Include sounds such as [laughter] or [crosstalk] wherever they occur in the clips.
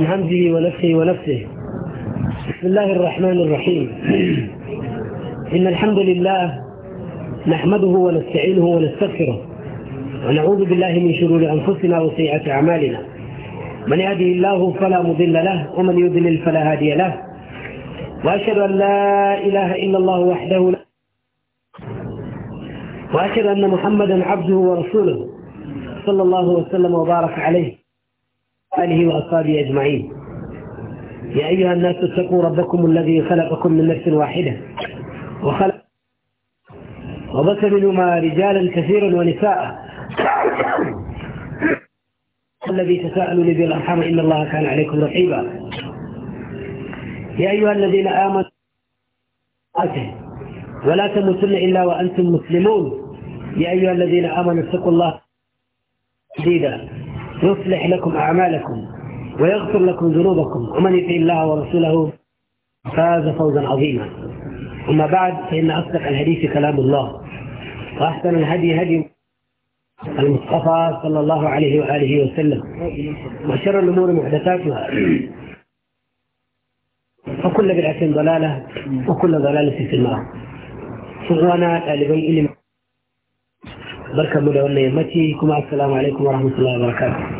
بهمزه ونفسه ونفسه بسم الله الرحمن الرحيم إن الحمد لله نحمده ونستعينه ونستغفره ونعوذ بالله من شرور أنفسنا وسيئات أعمالنا من يهده الله فلا مضل له ومن يضلل فلا هادي له وأشهد أن لا إله إلا الله وحده لا وأشهد أن محمدا عبده ورسوله صلى الله وسلم وبارك عليه آله وأصحابه أجمعين يا أيها الناس اتقوا ربكم الذي خلقكم من نفس واحدة وخلق وبث منهما رجالا كثيرا ونساء [coughs] الذي تساءلون به الأرحام إن الله كان عليكم رقيبا يا أيها الذين آمنوا ولا تموتن إلا وأنتم مسلمون يا أيها الذين آمنوا اتقوا الله يصلح لكم أعمالكم ويغفر لكم ذنوبكم ومن يطع الله ورسوله فاز فوزا عظيما أما بعد فإن أصدق الحديث كلام الله وأحسن الهدي هدي المصطفى صلى الله عليه وآله وسلم وشر الأمور محدثاتها وكل بدعة ضلالة وكل ضلالة في النار سبحان طالبي إلي بركة مدونة يمتي كما السلام عليكم ورحمة الله وبركاته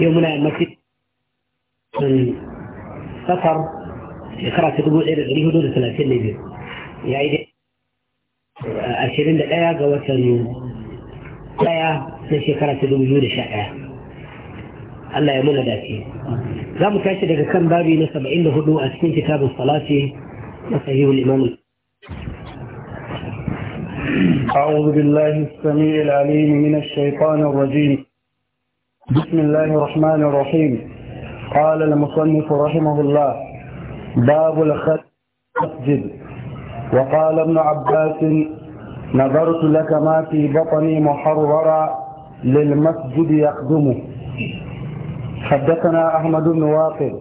yau muna yammaci safar shekara ta dubu ɗaya da hudu da talatin da biyu ya yi ashirin ɗaya ga watan ɗaya na shekara dubu biyu da sha ɗaya Allah ya muna dace za mu tashi daga kan babi na saba'in da hudu a cikin kitabun salati na sahihul imam أعوذ بالله السميع العليم من الشيطان الرجيم بسم الله الرحمن الرحيم قال المصنف رحمه الله باب المسجد وقال ابن عباس نظرت لك ما في بطني محررا للمسجد يقدمه حدثنا أحمد بن واقد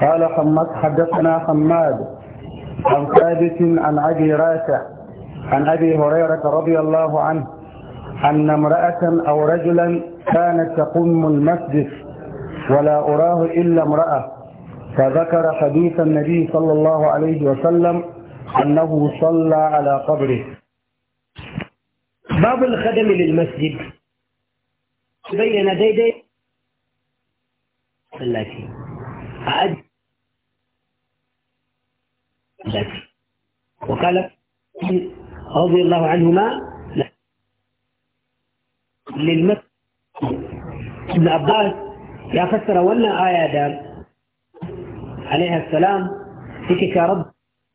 قال حمد حدثنا حماد عن ثابت عن أبي راسع عن أبي هريرة رضي الله عنه أن امرأة أو رجلا كانت تقوم المسجد ولا أراه إلا امرأة فذكر حديث النبي صلى الله عليه وسلم أنه صلى على قبره باب الخدم للمسجد بين ديدي التي أعد وقال رضي الله عنهما للمسجد ابن عباس يا فسر ولا آية دام عليها السلام فيك يا رب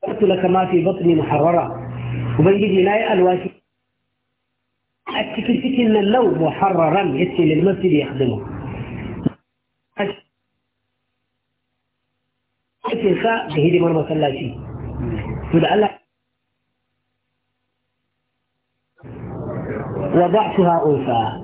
قلت لك ما في بطني محررة وبنجي لا أتكي فيك إن لو محررا يسي للمسجد يخدمه أتكي ساء بهدي مرمى سلاشي فدأ وضعتها أنثى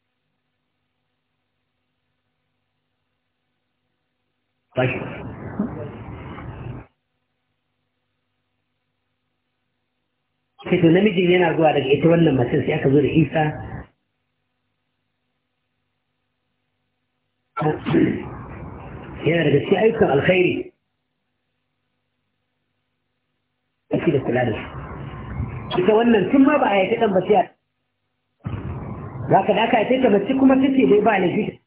tashi sai to namijin yana zuwa daga ita wannan mace sai aka zo da isa yana daga cikin ayyukan alkhairi ake da kula da su ita wannan tun ma ba a yaki ɗan ba za ka da aka yi ta mace kuma ta ce dai ba laifi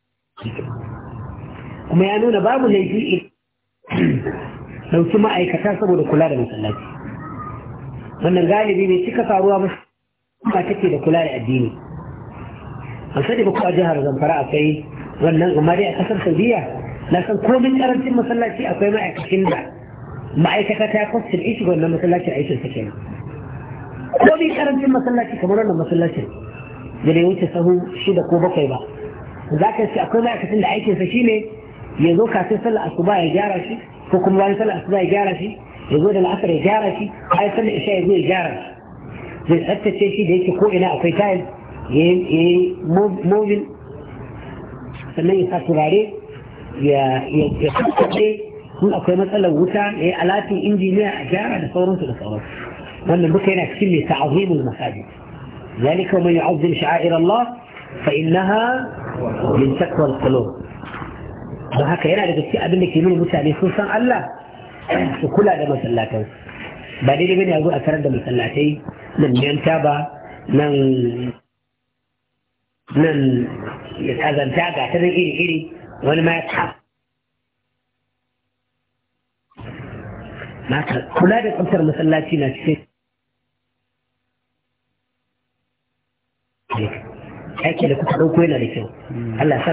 kuma ya nuna babu laifi ɗauki ma'aikata saboda kula da masallaci wannan galibi ne cika faruwa ba kuma take da kula da addini an sani ba ko a jihar zamfara akwai wannan amma dai a kasar saudiya na san komin karancin masallaci akwai ma'aikacin da ma'aikata ta kwastin ishi wannan masallacin aikin sa kenan komin karancin masallaci kamar wannan masallacin da ne wuce sahu shida ko bakwai ba za ka ce akwai ma'aikacin da aikinsa shine yazo ka sai sallar asuba ya gyara shi ko kuma bayan sallar asuba ya gyara shi ya zo da la'asar ya gyara shi ai sallar isha ya zo ya gyara shi zai tsaftace shi da yake ko ina akwai tayil ya yi mobil sannan ya sa turare ya tsaftace in akwai matsalar wuta ya yi alatin injiniya a gyara da sauransu da sauransu wannan duka yana cikin mai ta'azimul masajid ذلك ومن يعظم شعائر الله فإنها من تقوى القلوب don haka yana daga cikin abin da ke nuna mutane sun san Allah su kula da masallatan ba daidai bane yanzu a tarar da masallatai nan yan taba nan nan azanta ga ta iri iri wani ma ya ta kula da tsaftar masallaci na cikin aiki da kuka ɗauko yana da kyau Allah sa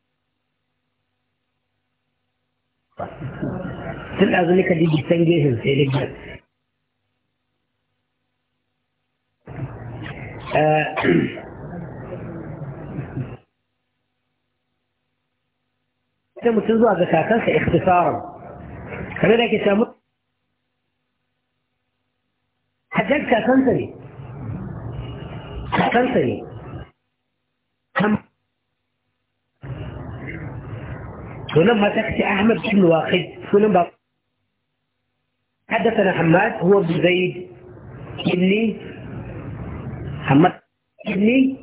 tun ɗazu nika ji can gefen sai rigar sai mutum zuwa ga kakansa ikhtisaran kamar da ke samu hajjar kakansa ne kakansa ne sunan mata ce ahmad bin waqid sunan ba حدثنا حماد هو ابن زيد ابني حماد ابني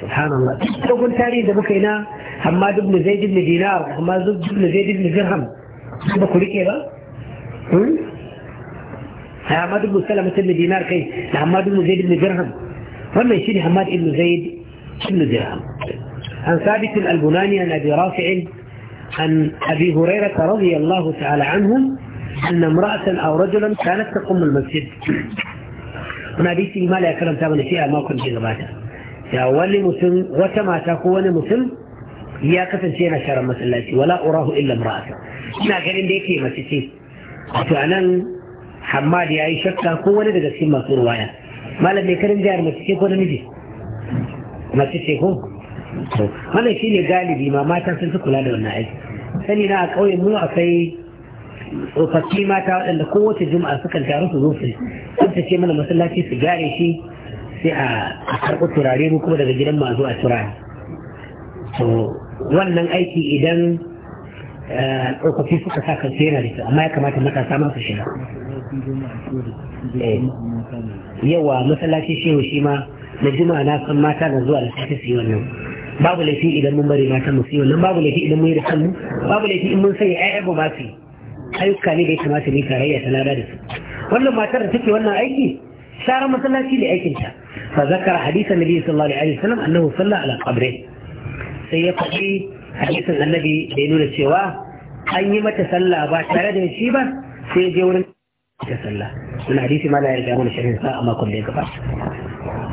سبحان الله لو قلت لي إذا بكينا حماد بن زيد بن دينار حماد بن زيد بن درهم بقول لك إيه حماد بن سلمة بن دينار كي حماد بن زيد بن درهم فما يشيل حماد بن زيد بن درهم عن ثابت البناني عن أبي رافع عن أبي هريرة رضي الله تعالى عنهم أن امرأة أو رجلا كانت تقوم المسجد أنا بيتي ما لا يكلم تابنا فيها ما كنت جغباتا يا ولي مسلم وكما تكون مسلم يا كفن شينا شر مسلاتي ولا أراه إلا امرأة إنا ganin da yake mace ce wato a nan hammad ya yi shakka ko wani daga cikin masu ruwaya malam mai karin jihar wannan shine galibi ma mata sun fi kula da wannan aiki sani na a ƙauyen mu akwai tsofaffi mata waɗanda kowace juma'a sukan taru su zo su tsabtace mana masallaci su gare shi sai a karɓi turare mu kuma daga gidan masu a turare to wannan aiki idan eh, tsofaffi suka sa kan sai yana da amma ya kamata matasa masu shiga eh, yawa masallaci shehu shi ma na juma'a na san mata na zuwa da su yi wannan babu laifi idan mun bari matan mu wannan babu laifi idan mun yi da kanmu babu laifi in mun sanya ƴaƴa ba su ayyuka ne da ya kamata mu tarayya ta lada da su wannan matar da take wannan aiki sharar masallaci da aikin ta fa zakara hadisan nabi sallallahu alaihi wasallam annahu salla ala qabri sai ya faɗi hadisan annabi da ya nuna cewa an yi mata sallah ba tare da shi ba sai ya je wurin ta sallah wannan hadisi ma na yarda mana shirin sa a makon da ya gabata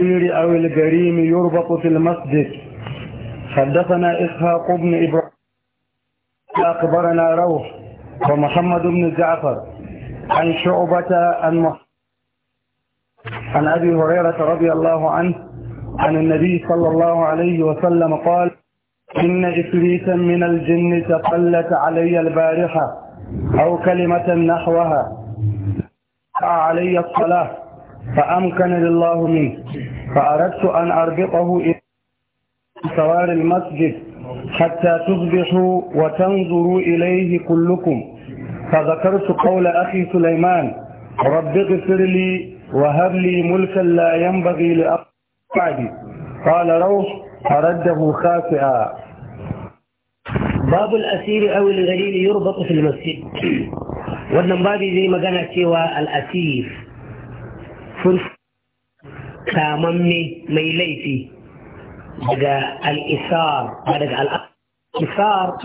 العصير أو الجريم يربط في المسجد حدثنا إسحاق بن إبراهيم أخبرنا روح ومحمد بن جعفر عن شعبة عن عن أبي هريرة رضي الله عنه عن النبي صلى الله عليه وسلم قال إن إفريتا من الجن تقلت علي البارحة أو كلمة نحوها علي الصلاة فأمكن لله منه فأردت أن أربطه إلى سوار المسجد حتى تصبحوا وتنظروا إليه كلكم فذكرت قول أخي سليمان رب اغفر لي وهب لي ملكا لا ينبغي لأخي قال روح فرده خاسئا باب الأسير أو الغليل يربط في المسجد wannan زي ما magana cewa al'asif فلس كاممي ميليتي هذا الإثار هذا الإثار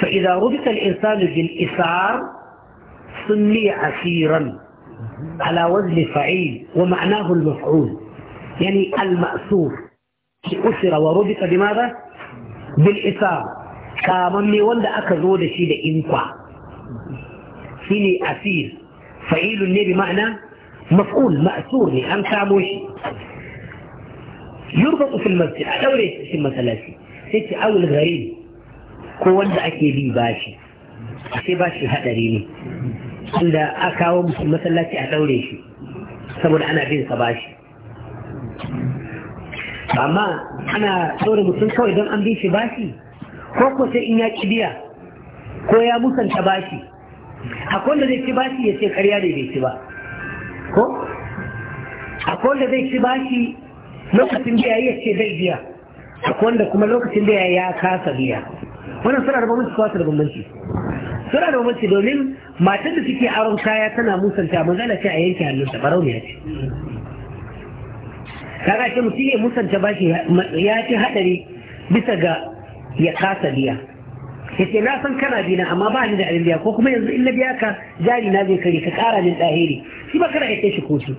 فإذا ربط الإنسان بالإثار سمي عسيرا على وزن فعيل ومعناه المفعول يعني المأسوف أسر وربط بماذا؟ بالإثار كاممي وند أكذو دشيد إنقا سيني أسير fa'ilun ne bi ma'ana maf'ul ma'sur ne an samo shi yurfaqu fil masjid a daure shi cikin masallaci sai ce awul ko wanda ake bi bashi sai bashi hadari ne inda a kawo mutum masallaci a daure shi saboda ana bin sa bashi amma ana daure mutum kawai don an bi shi bashi ko ko sai in ya kibiya ko ya musanta bashi akwai wanda zai ci bashi ya ce karya ne bai ci ba ko akwai wanda zai ci bashi lokacin da ya ce zai biya akwai wanda kuma lokacin da ya kasa biya wannan suna da bambanci kuma suna da bambanci suna da bambanci domin matan da suke aron kaya tana musanta manzala ce a yanke hannunta barau ne ya ce kaga ce mutum ya musanta bashi ya ci hadari bisa ga ya kasa biya yace na san kana dina amma ba ni da albiya ko kuma yanzu in na biya ka jari na zai kare ka kara min dahiri shi ba kana kai shi kotu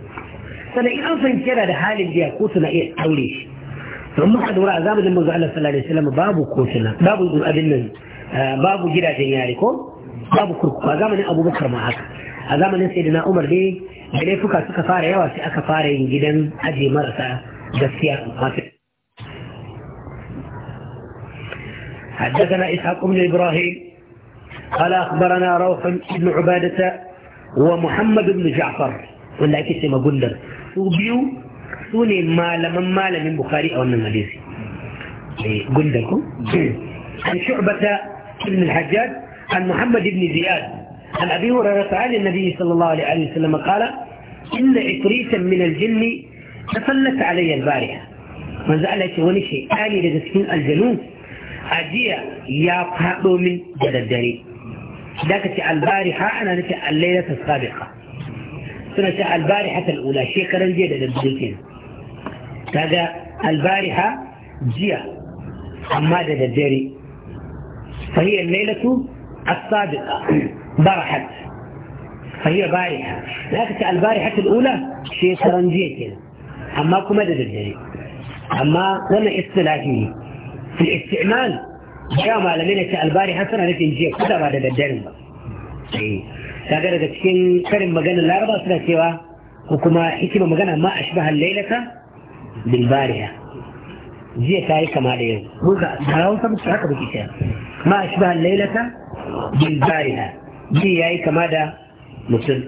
sannan in an san yana da halin biya kotu na iya aure shi don muka dora a zamanin manzo Allah sallallahu alaihi wasallam babu kotuna babu abin nan eh, babu gidajen yare ko babu kurkuku a zamanin Abubakar ma haka a zamanin Sayyidina Umar dai da laifuka suka fara yawa sai aka fara yin gidan aje marasa gaskiya masu حدثنا إسحاق بن إبراهيم قال أخبرنا روح بن عبادة ومحمد بن جعفر ولا كسم قلدر سوبيو سوني مال من مال من بخاري أو من مليزي إيه، قلدكو [clears throat] عن شعبة بن الحجاج عن محمد بن زياد عن أبي هريرة عن النبي صلى الله عليه وسلم قال إن عفريتا من الجن تفلت علي البارحة ما زالت ونشي آلي لدسكين الجنون ajiya ya faɗo min da daddare da ka ce albariha ana nufin allaila ta sabiqa suna ce albariha ta al'ula shekaran jiya da daddare ke kaga albariha jiya amma da daddare fahiyar lailatu as-sabiqa barahat fahiyar bariha da ka ce albariha ta al'ula shekaran jiya ke amma kuma da daddare amma wannan istilahi ne في الاستعمال يا معلمين الباري حسنا نake jiya kada ba da daddaren ba kaga daga cikin karin maganar laraba suna cewa ko kuma hikima magana ma ashbaha lailata bil bariha jiya ta yi kama da yau mun ga hausa musu haka baki ce ma ashbaha lailata bil bariha jiya yayi kama da mutum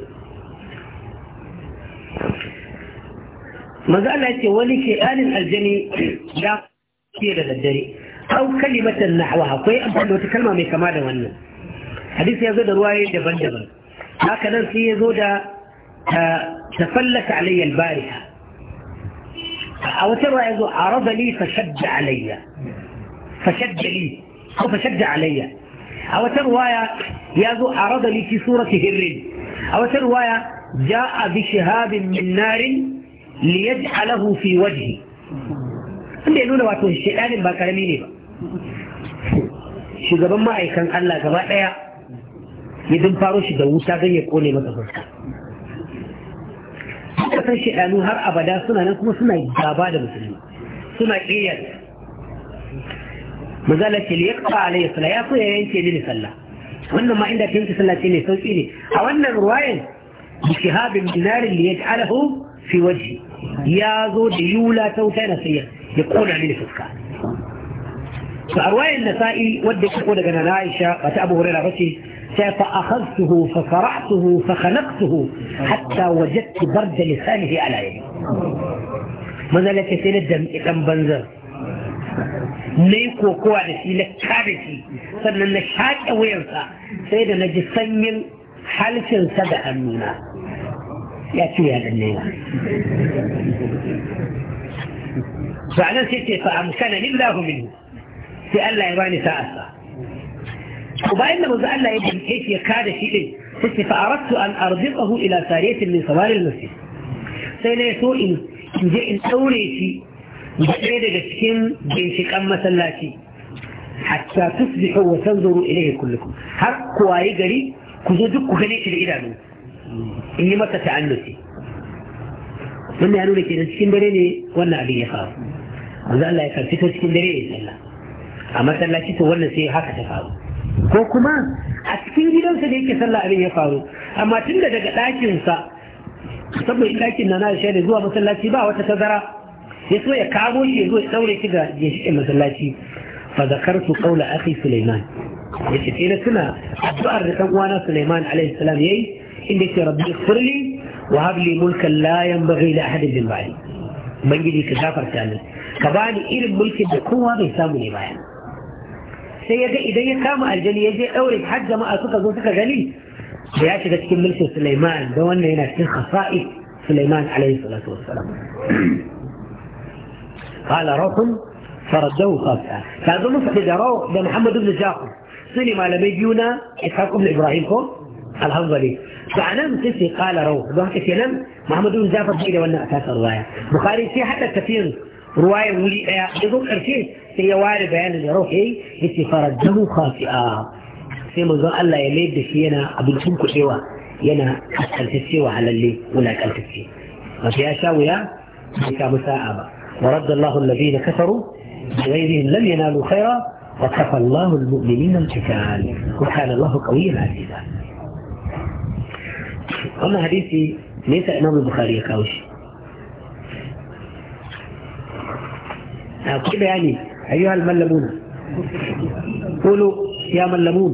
manzo Allah ce wani ke alin aljani ya jiya da daddare au kalimatan nahwaha akwai amfani da wata kalma mai kama da wannan hadisi ya zo da ruwaye daban-daban haka nan sai ya zo da tafallata alayya albariha a wata ruwa ya zo a rada li fashadda alayya fashadda li ko fashadda alayya a wata ruwaya ya zo a rada li fi surati hirrin a wata ruwaya ja'a bi shihabin min narin liyaj'alahu fi wajhi wanda ya nuna wato shaidanin ba karami ne ba shugaban ma'aikan Allah gaba ɗaya ya dun faro shi da wuta don ya kone masa fuska suka shaidanu har abada suna nan kuma suna gaba da musulmi suna ƙiyar mazala ce ya kafa alayhi Sala ya so ya yanke ni sallah wannan ma inda yanke sallah ce ne sauƙi ne a wannan ruwayan shihabin dinarin da ta'alahu fi waje ya zo da yula ta wuta na sayar يقول عليه فسكا فأرواي النسائي ودي يقول لنا عائشة قال أبو هريرة رسي فأخذته فقرعته فخنقته حتى وجدت برد لسانه على يدي ماذا لك تلدم إذن بنزر نيكو كوارسي لكارسي سنة نشحات أويرسا سيدة نجسنين حالس سبعا منا يا تويا لنيا فعلاً ستي فأمكن لله منه في ألا يراني فأسى وبعدنا مزألة ابن حيث يكاد شيئاً ستي فأردت أن أرضقه إلى سارية من صوار المسجد سينا يسوء إن جئن أوليتي بعيد جسكين بين شكام مسلاتي حتى تصبحوا وتنظروا إليه كلكم حق وايقري كزدك خليك الإلام إني ما تتعنسي من يعنوني كده سكين بريني وانا أبي يخاف manzo Allah ya fito cikin dare ya sallah a masallaci to wannan sai haka ta faru ko kuma a cikin gidansa da yake sallah abin ya faru amma tunda daga ɗakinsa saboda ɗakin na na da zuwa masallaci ba wata tazara ya so ya kawo shi ya zo ya daure shi ga ginshiƙin masallaci fa zakartu qawla akhi Sulaiman yace sai na tuna addu'ar da dan uwana Sulaiman alaihi salam yayi inda yake rabbi ighfirli wa hab li mulkan la yanbaghi li ahadin min ba'di bangiji ka gafarta min ka irin mulkin da kowa bai samu ne baya sai ya ga idan ya kama aljani ya je ɗaure har jama'a suka zo suka gani da ya shiga cikin mulkin Sulaiman da wannan yana cikin khasa'i Sulaiman alaihi salatu wassalam qala rahum faraddahu khafa ka zo musu da rawu da Muhammad ibn Jafar sune malamai biyu na Ishaq ibn Ibrahim ko alhamdulillah فعنام تسي قال روح ضحك كلام محمد بن جعفر في وانا اساس الروايه bukhari sai hada كثير رواية مليئة آه، يقول أرسل هي وارد بيان لروحي التي فرده خاطئة سيما قال الله يليد فينا أبن سنك سوا ينا أسأل تسيوا على اللي ولا كان تسي ما فيها شاوية فيك مساعبة ورد الله الذين كفروا بغيرهم لم ينالوا خيرا وكفى الله المؤمنين القتال وكان الله قويا عزيزا أما حديثي ليس إمام البخاري كاوشي akwai bayani ayyuha al-mallamun qulu ya mallamun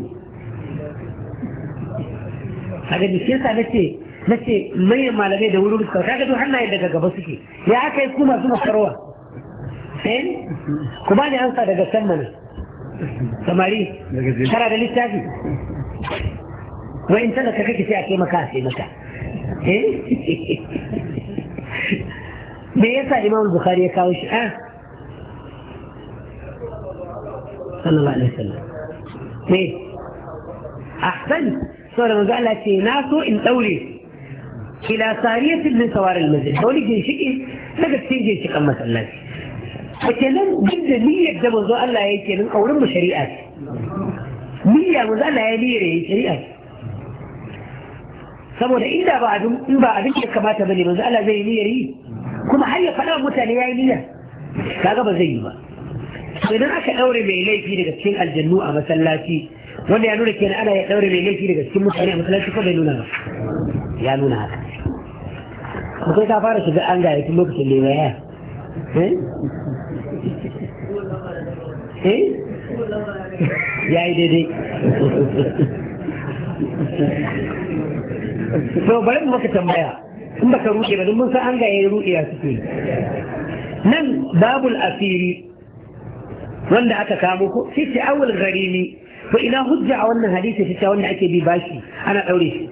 haka da shesa na ce manyan malamai da wurin suka kaga duk hannaye daga gaba suke ya aka yi kuma su makarwa sai ku ba ni ansa daga san mana samari kana da littafi wa in talaka kake sai a taimaka sai maka me yasa imam bukhari ya kawo shi ah sallallahu alaihi wasallam eh ahsan sai manzo ce na so in daure ila sariyatin min sawar al-masjid daure ginshiki daga cikin ginshikan masallaci wace nan duk da niyyar da manzo Allah ya yake nan auren mu shari'a ce niyya manzo Allah ya niyyar ya shari'a ce saboda inda ba abin in ba abin da kamata bane manzo Allah zai niyyar yi kuma har ya faɗa mutane yayi niyya kaga ba zai yi ba idan aka ɗaure mai laifi daga cikin aljannu a masallaci wanda ya nuna kenan ana ya ɗaure mai laifi daga cikin mutane a masallaci ko bai nuna ba ya nuna haka akwai ta fara shiga an gaya tun lokacin lewa ya eh? Eh? ya yi daidai to bari mu maka tambaya in baka ruɗe ba don mun san an gaya ruɗe ya suke nan babul asiri wanda aka kamo ko sai ce awul gharimi fa ina hujja a wannan hadisi ta wanda ake bi bashi ana daure shi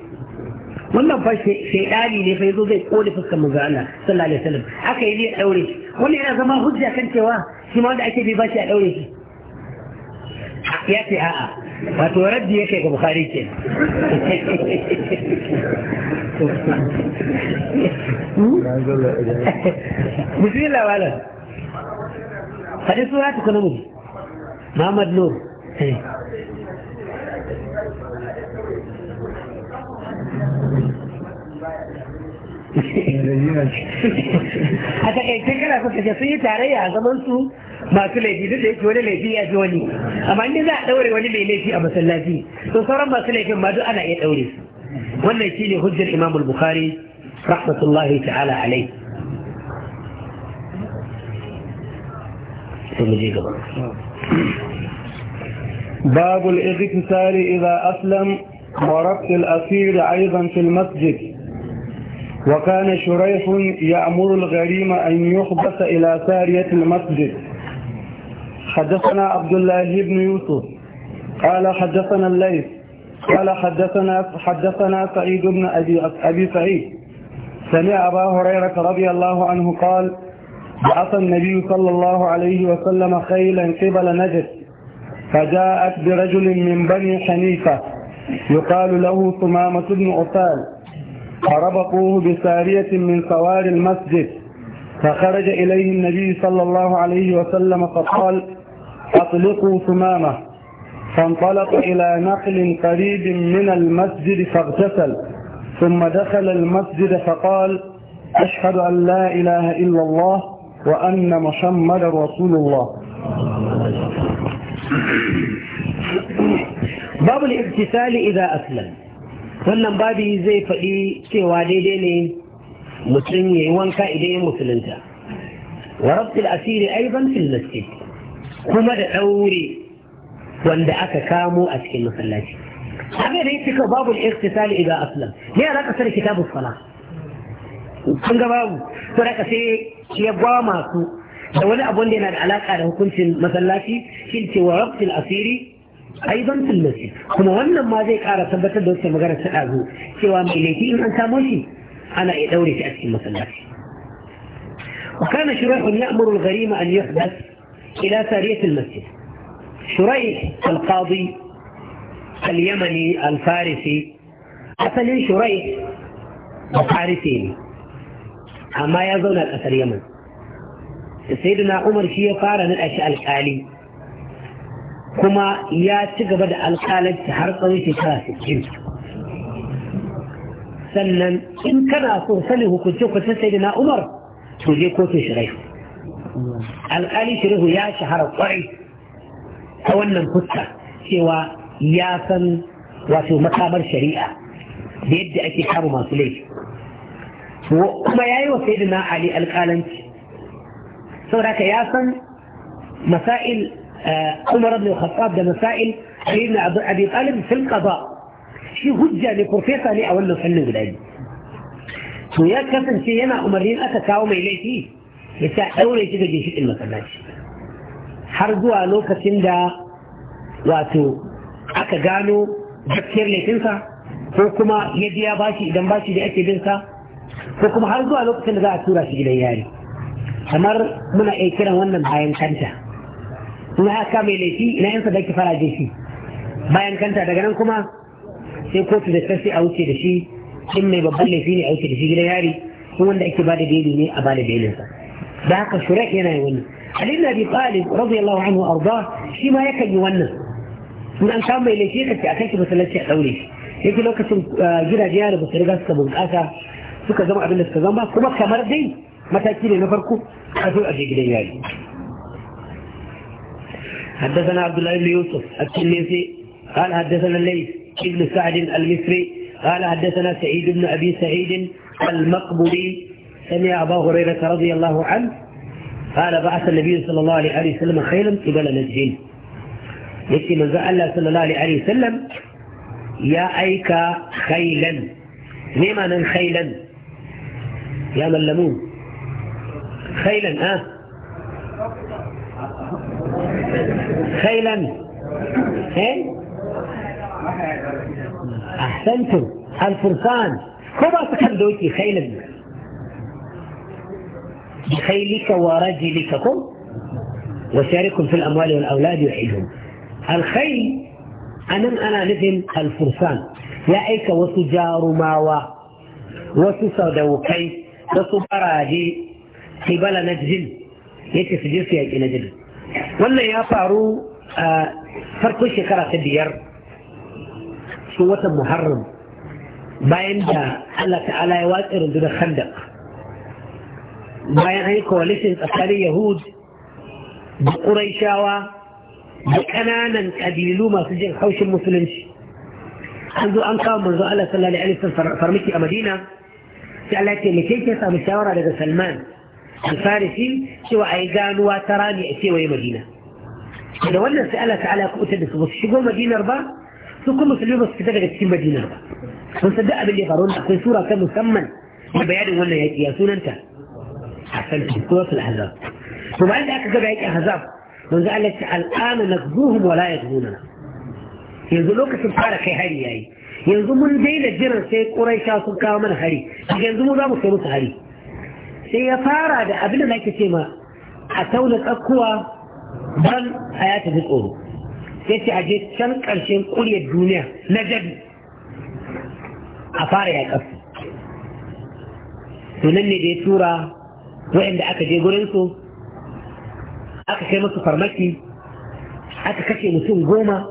wannan fa shaydani ne fa yazo zai kode fuskar manzo Allah sallallahu alaihi wasallam aka yi zai daure shi wannan yana zama hujja kan cewa shi ma wanda ake bi bashi a daure shi ya ce a'a wato raddi yake ga bukhari ke [laughs] hmm? [laughs] bismillah wala faɗi suna ta kuna muhi Muhammad Nur eh. a takaice kana so kaje sun yi tarayya a zaman su masu laifi duk da yake wani laifi ya fi wani amma inda za a ɗaure wani mai laifi a masallaci to sauran masu laifin ma duk ana iya ɗaure su wannan shine hujjar imamul Bukhari rahmatullahi ta'ala alaihi باب الاغتسال إذا أسلم وربط الأسير أيضا في المسجد وكان شريح يأمر الغريم أن يحبس إلى سارية المسجد حدثنا عبد الله بن يوسف قال حدثنا الليث قال حدثنا حدثنا سعيد بن أبي, أبي سعيد سمع أبا هريرة رضي الله عنه قال بعث النبي صلى الله عليه وسلم خيلا قبل نجد فجاءت برجل من بني حنيفة يقال له ثمامة بن أسال فربطوه بسارية من سوار المسجد فخرج إليه النبي صلى الله عليه وسلم فقال أطلقوا ثمامة فانطلق إلى نقل قريب من المسجد فاغتسل ثم دخل المسجد فقال أشهد أن لا إله إلا الله وأن محمد رسول الله باب الابتسال إذا أسلم wannan babi zai faɗi cewa daidai ne mutum ya yi wanka idan ya musulunta wa rabtul asiri aiban fil masjid kuma da ɗaure wanda aka kamo a cikin masallaci abin da yake babu al-iqtisal idan aslam ne ya raka sarki kitabus salat kun ga babu to da sai ya gwama su da wani abu da yana da alaka da hukuncin masallaci shi ce wa rabtil asiri aidan fil masjid kuma wannan ma zai kara tabbatar da wata magana ta dazu cewa mai laifi in an samo shi ana iya daure shi a cikin masallaci وكان شريح يأمر الغريم أن يحدث إلى سارية المسجد شريح القاضي اليمني الفارسي أصل شريح الفارسي amma ya zauna ƙasar yaman sayyidina umar shi ya fara naɗa shi alkali. kuma ya ci gaba da alƙalanci har tsawon shekara 60 sannan in kana so sanin hukunce kwace sayyidina umar to je kotun shirai alƙali shirihu ya shahara kwarai ta wannan fuska cewa ya san wato makamar shari'a da yadda ake kama masu laifi kuma ya yi wa sayyidina ali alƙalanci saboda ka ya san masail umar ibn khattab da masail sayyidina abi talib fil qada shi hujja ne profesa ne a wannan fannin guda biyu to ya kasance yana umarnin aka kawo mai laifi ya ta daure shi da ginshiƙin masallaci har zuwa lokacin da wato aka gano gaskiyar laifinsa ko kuma ya biya bashi idan bashi da ake bin sa ko kuma har zuwa lokacin da za a tura shi gidan yari kamar muna iya kiran wannan bayan kanta in haka mai laifi ina yansa da ke fara shi bayan kanta daga nan kuma sai kotu da sai a wuce da shi in mai babban laifi ne a wuce da shi gidan yari kuma wanda ake bada beli ne a bada belinsa da haka shurai yana yi wani Ali na bi Talib radiyallahu anhu arda shi ma yakan yi wannan in an samu mai laifi da ke a kai masallaci a daure shi yake lokacin gidaje yara ba su riga suka bunƙasa suka zama abin da suka zama kuma kamar dai mataki ne na farko a zo a je gidan yari حدثنا عبد الله بن يوسف التلميذي قال حدثنا الليث بن سعد المصري قال حدثنا سعيد بن ابي سعيد المقبولي سمع ابا هريره رضي الله عنه قال بعث النبي صلى الله عليه وسلم خيلا قبل نجدين yake manzo Allah sallallahu alaihi wasallam ya aika khailan ne ma nan خيلا يا ملمون خيلا اه خيلا ايه احسنتم الفرسان كما تكلوكي خيلا بخيلك ورجلك كم وشاركهم في الاموال والاولاد يعيدهم الخيل انا انا مثل الفرسان يا ايك وسجار ماوى كيف na su faraje kibala na jin yake su je su yaƙi na jin wannan ya faru a farkon shekara ta biyar su watan muharram bayan da Allah ta'ala ya watsa rundunar khandak bayan an yi coalition tsakanin yahud da ƙuraishawa da ƙananan ƙabilu masu jin haushin musulunci an zo an kawo manzo Allah sallallahu alaihi wasallam farmaki a Madina التي لتلك مشاورة لدى سلمان الفارسي شو عيدان وتراني يأتي وي مدينة إذا ولا سألت على كوتا بس شو مدينة ربا تكون مسلمة بس كتابة تكون مدينة ربا وصدق باللي قرون أكون سورة كم مسمن وبيان ولا يأتي يا أنت حسن في سورة الأحزاب وبعد ذلك قبل يأتي أحزاب وقالت الآن نقضوهم ولا يقضوننا يقول لك سبحانك يا هاي yanzu mun daina jiran sai ƙuraisha sun kawo mana hari yanzu mu za mu kai musu hari sai ya fara da abin da nake ce ma a tauna tsakkuwa ban a ya tafi tsoro sai ce a je can ƙarshen ƙuryar duniya na jabi a fara ya To sunan ne da ya tura waɗanda aka je gurinsu aka kai musu farmaki aka kashe mutum goma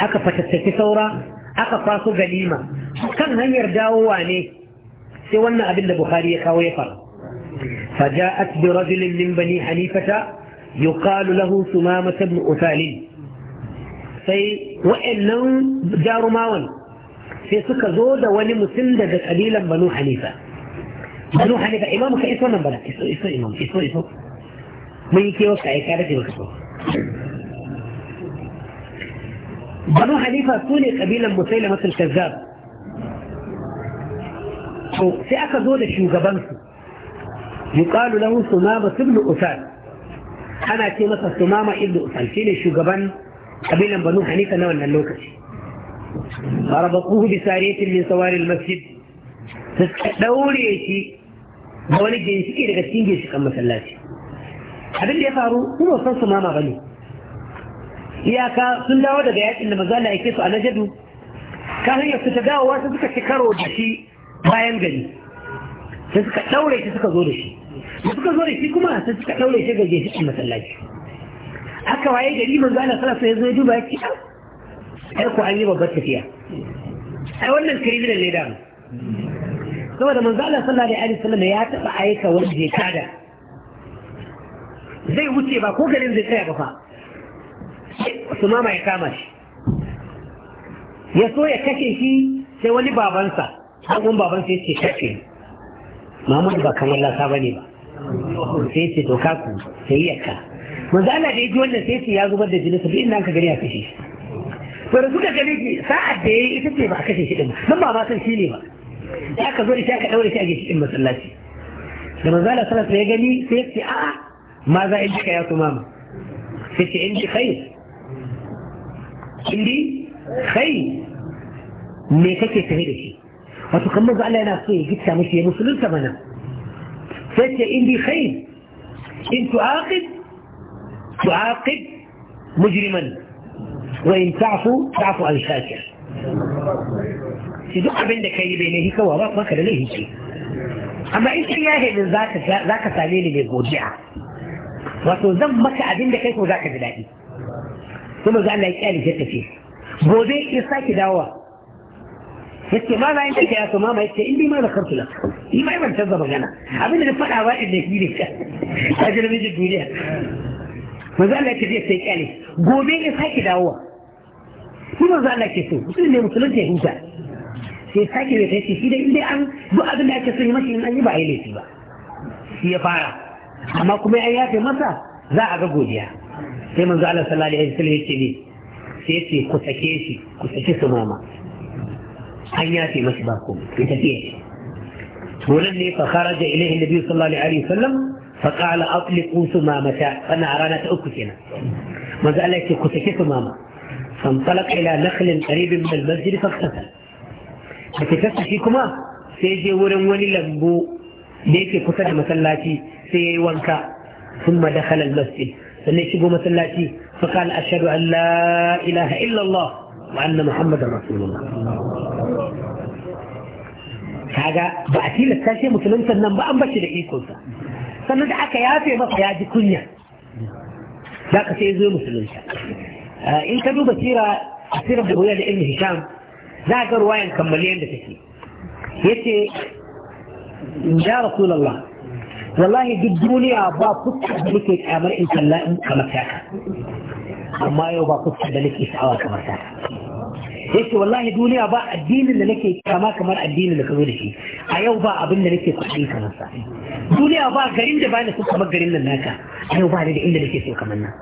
aka fatattaki saura aka kwaso ganima kan hanyar dawowa ne sai wannan abin da bukhari ya kawo ya faru فجاءت برجل من بني حنيفة يقال له ثمامة بن أثالي sai wa'annan jarumawan sai suka zo da wani mutum daga kabilan banu hanifa banu hanifa imamu ka iso nan bana iso iso imam iso iso mun yi kewa ka aika da ke baka so banu halifa su ne ƙabilan musaila masul kazzab sai aka zo da shugabansu yuqalu lahu sumama ibn usal ana ce masa sumama ibn usal ne shugaban ƙabilan banu hanifa na wannan lokaci farabaquhu bi sariyatin min sawari almasjid suka daure shi da wani ginshiki daga cikin ginshikan masallaci abin da ya faru kuma san sumama bane iyaka sun dawo daga yakin da manzo Allah su a najadu kafin ya fita dawowa sai suka ci karo da shi bayan gari sai suka daure shi suka zo da shi da suka zo da shi kuma sai suka daure shi ga jeshi masallaci haka waye gari manzo Allah sallallahu alaihi wasallam ya duba yake ah, ai ku an yi babbar tafiya ai wannan kai ne da saboda manzo Allah sallallahu alaihi wasallam ya taba aika wani jekada zai wuce ba ko garin zai tsaya ba fa su ma ya kama shi ya so ya kashe shi sai wani babansa hagun babansa ya ce kashe Mamadu ba kamar lasa ba ne ba sai ce doka ku sai ya ka manzo Allah da yaji wannan sai ce ya zubar da jini sabi inda ka gani a kashe shi to da suka gani ki sa'ad da yayi ita ce ba a kashe shi din nan ba ma san shi ne ba sai aka zo da shi aka daure shi a cikin masallaci da manzo Allah sallallahu alaihi ya gani sai ya ce a'a ma za in ka ya mama sai ce in ji khair indi kai me kake tare da shi wato kan manzo Allah yana so ya gitta mishi ya musulunta mana sai ce indi kai in tu'aqib tu'aqib mujriman wa in ta'fu ta'fu an shakir shi duk abin da kai bai ne kawa ba maka da laifi ce amma in kai ya din zaka zaka same ni mai godiya wato zan maka abin da kai ko zaka ji dadi kuma za Allah ya kyale ta tafi gobe ya sake dawowa yace ma bayan take ya mama yace in bi ma da kartu la yi mai ban canza magana abin da na faɗa ba inda ki ne ka ji miji duniya maza Allah ya tafi sai kyale gobe ya sake dawowa Kuma za Allah ke so musulmi ne musulunci ya huta sai sake da tace shi dai in dai an duk abin da ake so yi mashi in an yi ba a yi laifi ba shi ya fara amma kuma ya yafe masa za a ga godiya sai manzo Allah sallallahu alaihi wasallam yake ne sai ce ku sake shi ku sake su mama an yafe mashi ba ko ya tafi ولن فخرج إليه النبي صلى الله عليه وسلم فقال أطلقوا ثمامة أنا أرانا تأكسنا ما زال يكي كسكي ثمامة فانطلق إلى نخل قريب من المسجد فاغتسل فتكسر فيكما سيجي ورن ولي لمبو ليكي كسر مسلاتي سيجي وانكا ثم دخل المسجد sannan shigo masallaci fa kana ashhadu an la ilaha illa Allah wa anna muhammadar rasulullah kaga ba a tilasta shi musulunta nan ba an bashi da ikonsa sannan da aka yafe masa ya ji kunya za ka sai zo musulunta eh, in ka duba sira a sirar da da ibn hisham za ga ruwayan kammaliyan da take yace ya rasulullah wallahi duk duniya ba fuskar da nake kyamar in kalla in kamar taka amma yau ba fuskar da nake sa'awa kamar taka yace wallahi duniya ba addinin da nake kama kamar addinin da ka zo da shi a yau ba abin da nake kuɗi kamar sa duniya ba garin da bani so kamar garin nan naka a yau ba ni da inda nake so kamar nan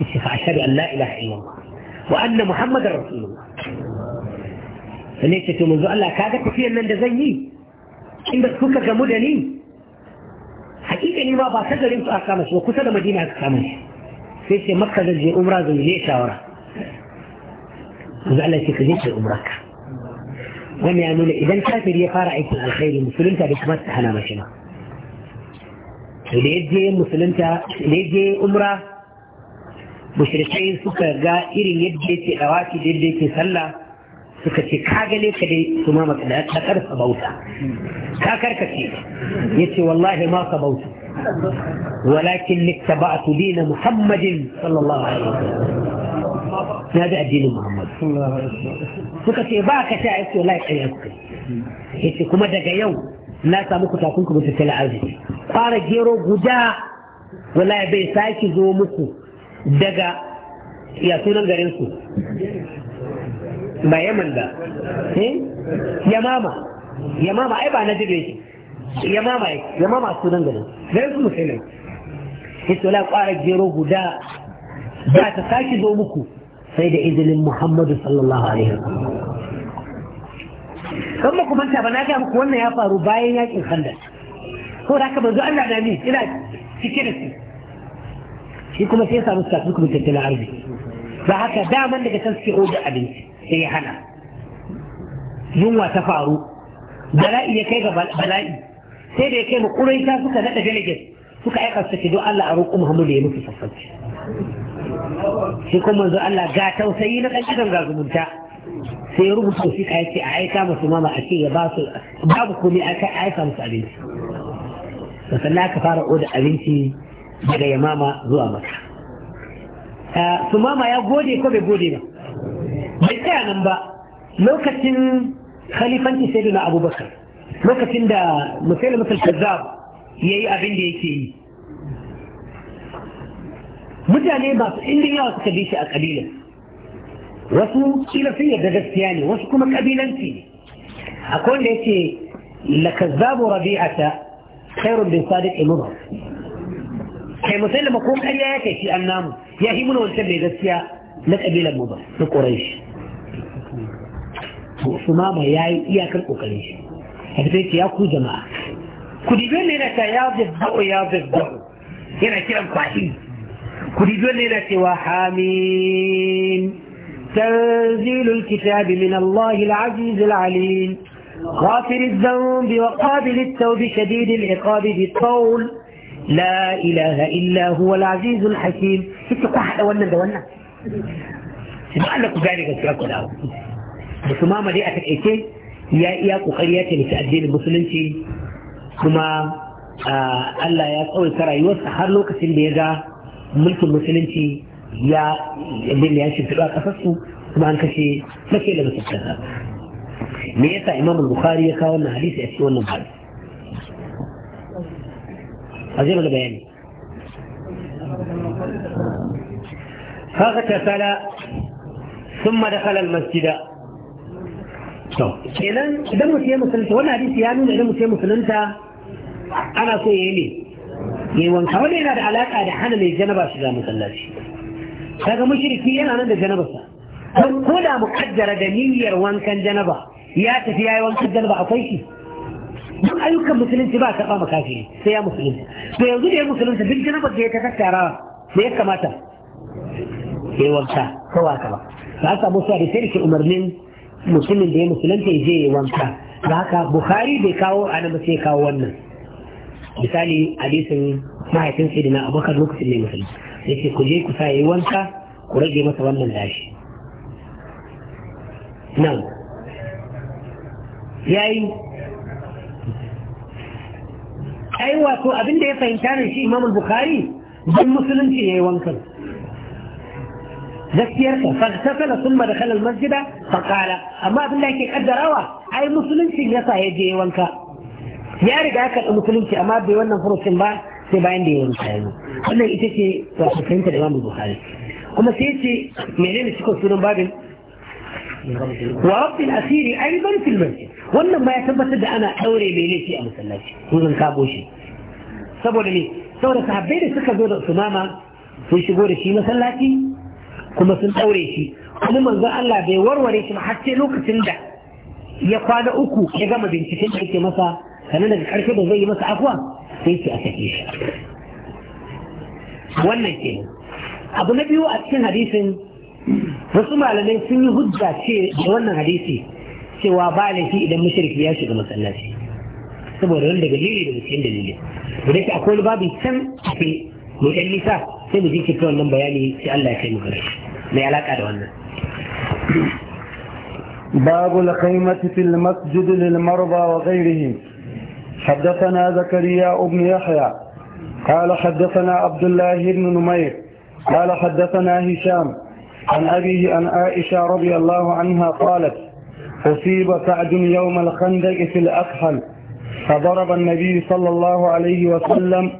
yace fa ashhadu an la ilaha illallah wa anna muhammadar rasulullah sai ne ce to zo Allah kaga tafiyar nan da zan yi in ba kuka gamu da ni hakika ne ma ba ta garin su aka kama shi ba kusa da madina aka kama shi sai sai makka zan je umra zan je shawara Allah sai ka je ka umra ka wannan ya nuna idan kafiri ya fara aikin alkhairi musulunta da kuma ta hana mashi ba da yaje musulunta da yaje umra mushrikai suka ga irin yadda yake dawaki da yadda yake sallah suka ce ka gane ka dai su ma maka ka karfa bauta ka karkace ya ce wallahi ma ka bauta walakin littaba'tu dina muhammadin sallallahu alaihi wa wasallam na da addinin muhammad suka ce ba ka ta aiki wallahi kai aiki ya ce kuma daga yau na samu ku takun ku tattalin arziki fara gero guda wallahi bai sake zo muku daga ya sunan garin su ba yaman mama. Eh? yamama yamama ai ba na jirgin shi yamama yamama sunan garin garin su musulmi ita la ƙwara gero guda za ta sake zo muku sai da izinin muhammadu sallallahu alaihi wasallam kan muku manta ba na ga muku wannan ya faru bayan yakin khandar ko da haka manzo Allah na ina cike da shi shi kuma sai ya samu sakamako tattalin arziki ba haka daman daga can suke oda abinci sai ya hana yunwa ta faru bala'i ya kai ga bala'i sai da ya kai makurai ta suka naɗa delegate suka aika su ce don Allah a roƙo Muhammadu ya mutu sassanci shi kuma zo Allah ga tausayi na ɗan adam ga zumunta sai ya rubuta shi ka yace a aika musu mama a ce ya ba su babu komai a aika musu abinci sannan aka fara oda abinci daga yamama zuwa maka sumama ah, ya gode ko bai gode ba bai tsaya nan ba lokacin khalifanci sai na abubakar lokacin da musaila masal kazzab ya yi abin da yake yi mutane masu indin yawa suka bi shi a kabilan wasu kila sun yarda gaskiya ne wasu kuma kabilanci ne akwai wanda yake lakazzabu rabi'ata khairun bin sadiq imam kai musaila ma ko ƙarya ya kai shi an namu ya himu na wancan bai gaskiya na kabilan mu ba na ƙorai to ya yi iyakar kokarin shi a ya ku jama'a ku ta ya zazzao ya zazzao yana تنزيل الكتاب من الله العزيز العليم غافر الذنب وقابل التوب شديد العقاب بالطول لا إله إلا هو العزيز الحكيم ستقع وانا دوانا سبحانك ذلك سيكون أول Usmama dai a takaice ya iya kokari ya taimaki addinin musulunci kuma Allah ya tsawaita rayuwarsa har lokacin da ya ga mulkin musulunci ya abin ya shimfiɗu a kasarsu, kuma an kashe mace da musulunta me yasa imam bukhari ya kawo wannan hadisi a cikin wannan hadisi a zai mana bayani فغتسل ثم دخل المسجد kenan idan mutum ya musulunta wani hadisi ya nuna idan mutum ya musulunta ana so ya yi ne ya wanka wanda yana da alaƙa da hana mai janaba shiga masallaci kaga mushriki yana nan da janabarsa don ko da mukaddara da niyyar wankan janaba ya tafi ya yi wankan janaba akwai shi duk ayyukan musulunci ba a taɓa makafi sai ya musulunta. to yanzu da ya musulunta, duk janabar da ya ta tattara da ya kamata ya wanka ko kawai ka ba ta samu sa da sai da ke umarnin musulmin da ya musulunta ya je ya wanka da haka bukhari bai kawo ana ba sai kawo wannan misali hadisin mahaifin sai na abokan lokacin mai musulmi sai ce ku je ku sa ya yi wanka ku rage masa wannan dashi nan yayi ai wato abin da ya fahimta ne shi imamul bukhari don musulunci ya yi wankan زكيرته فاغتسل ثم دخل المسجد فقال اما ابن لك قدر اوا اي مسلم في يسا يجي وانك يا رجع كان مسلم في اما بي وانا فرس با سي باين دي وانك هنا يتكي وفكرت الامام البخاري كما سيتي منين سكو سنن باب ورب الاخير ايضا في المسجد وانا ما يثبت ده انا دوري بيلي في المسلاش كون كابوشي لي سورة صحابين سكا دور سماما في شغور شي مسلاكي kuma sun ɗaure shi kuma manzon Allah bai warware shi har sai lokacin da ya kwana uku ya gama binciken da yake masa kana daga ƙarshe da zai yi masa afwa sai ce a sake shi wannan ke abu na biyu a cikin hadisin wasu malamai sun yi hujja ce da wannan hadisi cewa ba laifi idan mushriki ya shiga masallaci saboda wani dalili daga cikin dalili da yake akwai babu can a mu ɗan nisa sai mu ji cikin wannan bayani sai Allah ya kai mu gare shi mai alaka باب الخيمة في المسجد للمرضى وغيرهم حدثنا زكريا بن يحيى قال حدثنا عبد الله بن نمير قال حدثنا هشام عن أبيه عن عائشة رضي الله عنها قالت أصيب سعد يوم الخندق في الأكحل فضرب النبي صلى الله عليه وسلم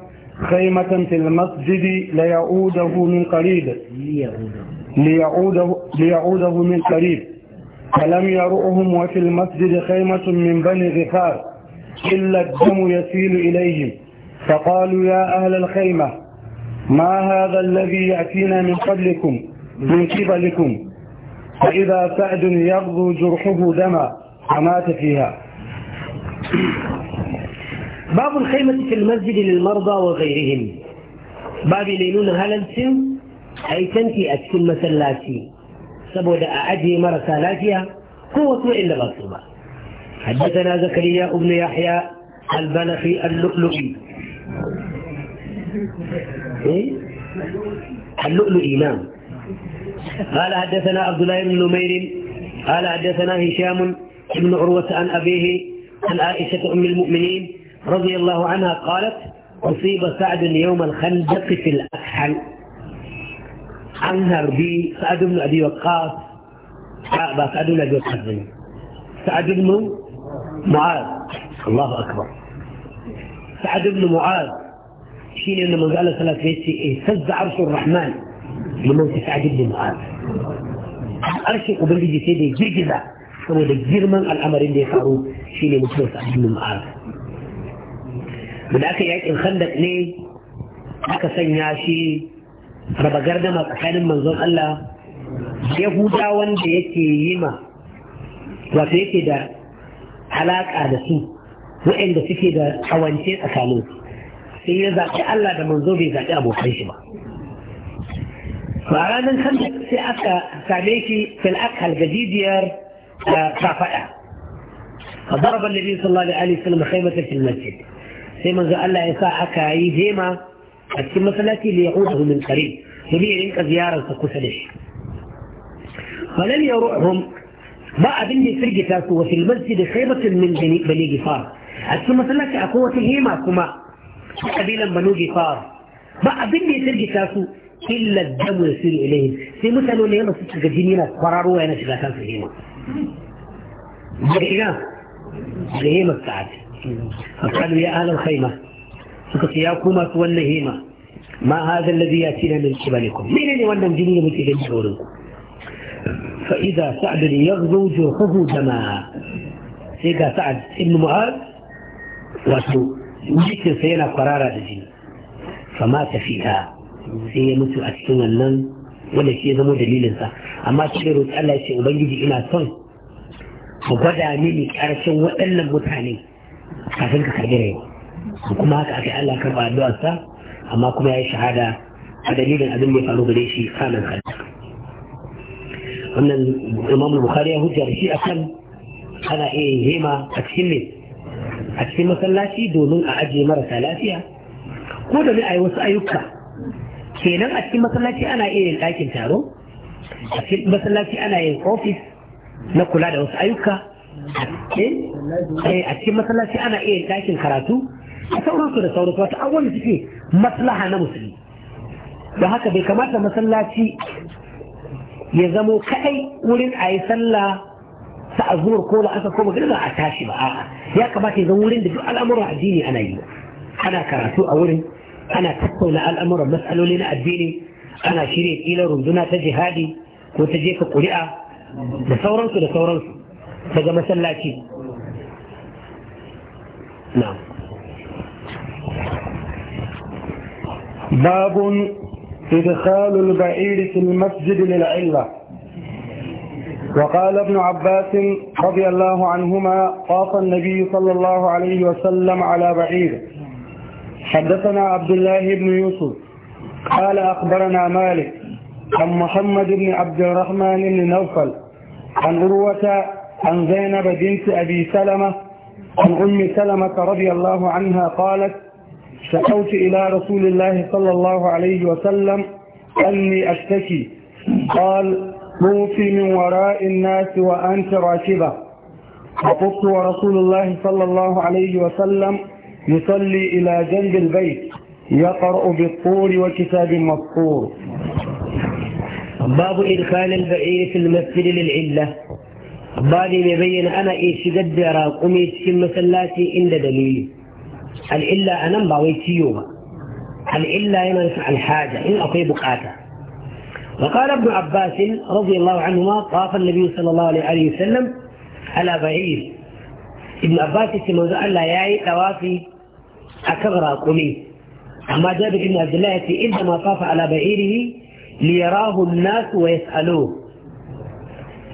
خيمة في المسجد ليعوده من قريب ليعوده ليعوده, ليعوده من قريب فلم يرؤهم وفي المسجد خيمة من بني غفار إلا الدم يسيل إليهم فقالوا يا أهل الخيمة ما هذا الذي يأتينا من قبلكم من قبلكم فإذا سعد يغضو جرحه دما فمات فيها باب الخيمة في المسجد للمرضى وغيرهم باب لينون هلنسن أي yi tanti a cikin masallaci saboda a ajiye marasa lafiya ko wasu inda ba su ba حدثنا زكريا بن يحيى البلخي اللؤلؤي إيه؟ اللؤلؤي نعم قال حدثنا عبد الله بن نمير قال حدثنا هشام بن عروة عن أبيه عن عائشة أم المؤمنين رضي الله عنها قالت أصيب سعد يوم الخندق في الأكحل أنهر بي سعد بن أبي وقاص أعبى سعد بن أبي وقاص سعد بن معاذ الله أكبر سعد بن معاذ شيني لما قال له ثلاث ليتي اهتز عرش الرحمن لموت سعد بن معاذ عرش قبل يجي سيدي جيجزا كما دجير من الأمر اللي صاروا شيني مكتب سعد بن معاذ من أكي يعيش الخندق ليه أكا سنياشي raba gardama tsakanin manzon Allah yahuda wanda yake yi ma wato yake da alaƙa da su waɗanda suke da hawance tsakanin sai ya zaɓi Allah da manzo bai zaɓi abokan shi ba ba ranar kan sai aka same shi fil akhal gajijiyar ta faɗa فضرب النبي صلى الله عليه وسلم خيمة في المسجد سيما قال الله يسا حكا يجيما لكن مثلا ليعودهم من قريب يبيعين كزيارة كسلش فلن يروعهم ما أبني في القتاس وفي المسجد خيبة من بني, بني جفار لكن مثلا كأقوة هيما كما قبيلا بنو جفار ما أبني في القتاس إلا الدم يسير إليهم في مثل اللي يمسك الجنين قراروا أنا شغلتان في هيما جئنا هيما السعادة فقالوا يا أهل الخيمة suka ce ya kuma su wannan hima ma hadha alladhi yatina min Mene ne wannan jini da muke gani wurin ku fa idza sa'd yaghdu juhuhu dama sai ga sa'ad ibn mu'az wato jikin sa yana kwarara da jini fa ma tafiha sai ya mutu a cikin wannan wanda shi ya zama dalilinsa amma shi da roƙi Allah ya ce ubangiji ina son ku gwada mini ƙarshen waɗannan mutane kafin ka karbi rayuwa su kuma haka aka yi Allah karɓa addu'ar amma kuma ya yi shahada a dalilin abin da ya faru gare shi kanan kan wannan Imam Bukhari ya hujja da shi akan ana iya hema a cikin ne a cikin masallaci domin a ajiye marasa lafiya ko da a yi wasu ayyuka kenan a cikin masallaci ana iya yin ɗakin taro a cikin masallaci ana yin ofis na kula da wasu ayyuka eh, a cikin masallaci ana iya yin ɗakin karatu a sauransu da sauransu wata abubuwan da suke maslaha na musulmi da haka bai kamata masallaci ya zamo kadai wurin a yi sallah ta azuwar ko la'asar ko magana a tashi ba a'a ya kamata ya zama wurin da duk al'amuran addini ana yi ana karatu a wurin ana tattauna al'amuran matsaloli na addini ana shirya kila runduna ta jihadi ko ta jefa ƙuri'a da sauransu da sauransu daga masallaci na'am باب إدخال البعير في المسجد للعلة وقال ابن عباس رضي الله عنهما طاف النبي صلى الله عليه وسلم على بعير حدثنا عبد الله بن يوسف قال أخبرنا مالك عن محمد بن عبد الرحمن بن نوفل عن عروة عن زينب بنت أبي سلمة عن أم سلمة رضي الله عنها قالت شكوت إلى رسول الله صلى الله عليه وسلم أني أشتكي قال موفي من وراء الناس وأنت راكبة فقلت ورسول الله صلى الله عليه وسلم يصلي إلى جنب البيت يقرأ بالطور وكتاب مسطور باب إدخال البعير في المسجد للعلة باب يبين أنا إيش قد راقمي في مسلاتي إلا دليل al'illa a nan ba wai ciwo ba الحاجة إن أطيب قاتا وقال ابن عباس رضي الله عنهما طاف النبي صلى الله عليه وسلم على بعير ابن عباس كما قال لا ياي توافي أكبر قومي أما جابر بن عبد الله إلا ما طاف على بعيره ليراه الناس ويسألوه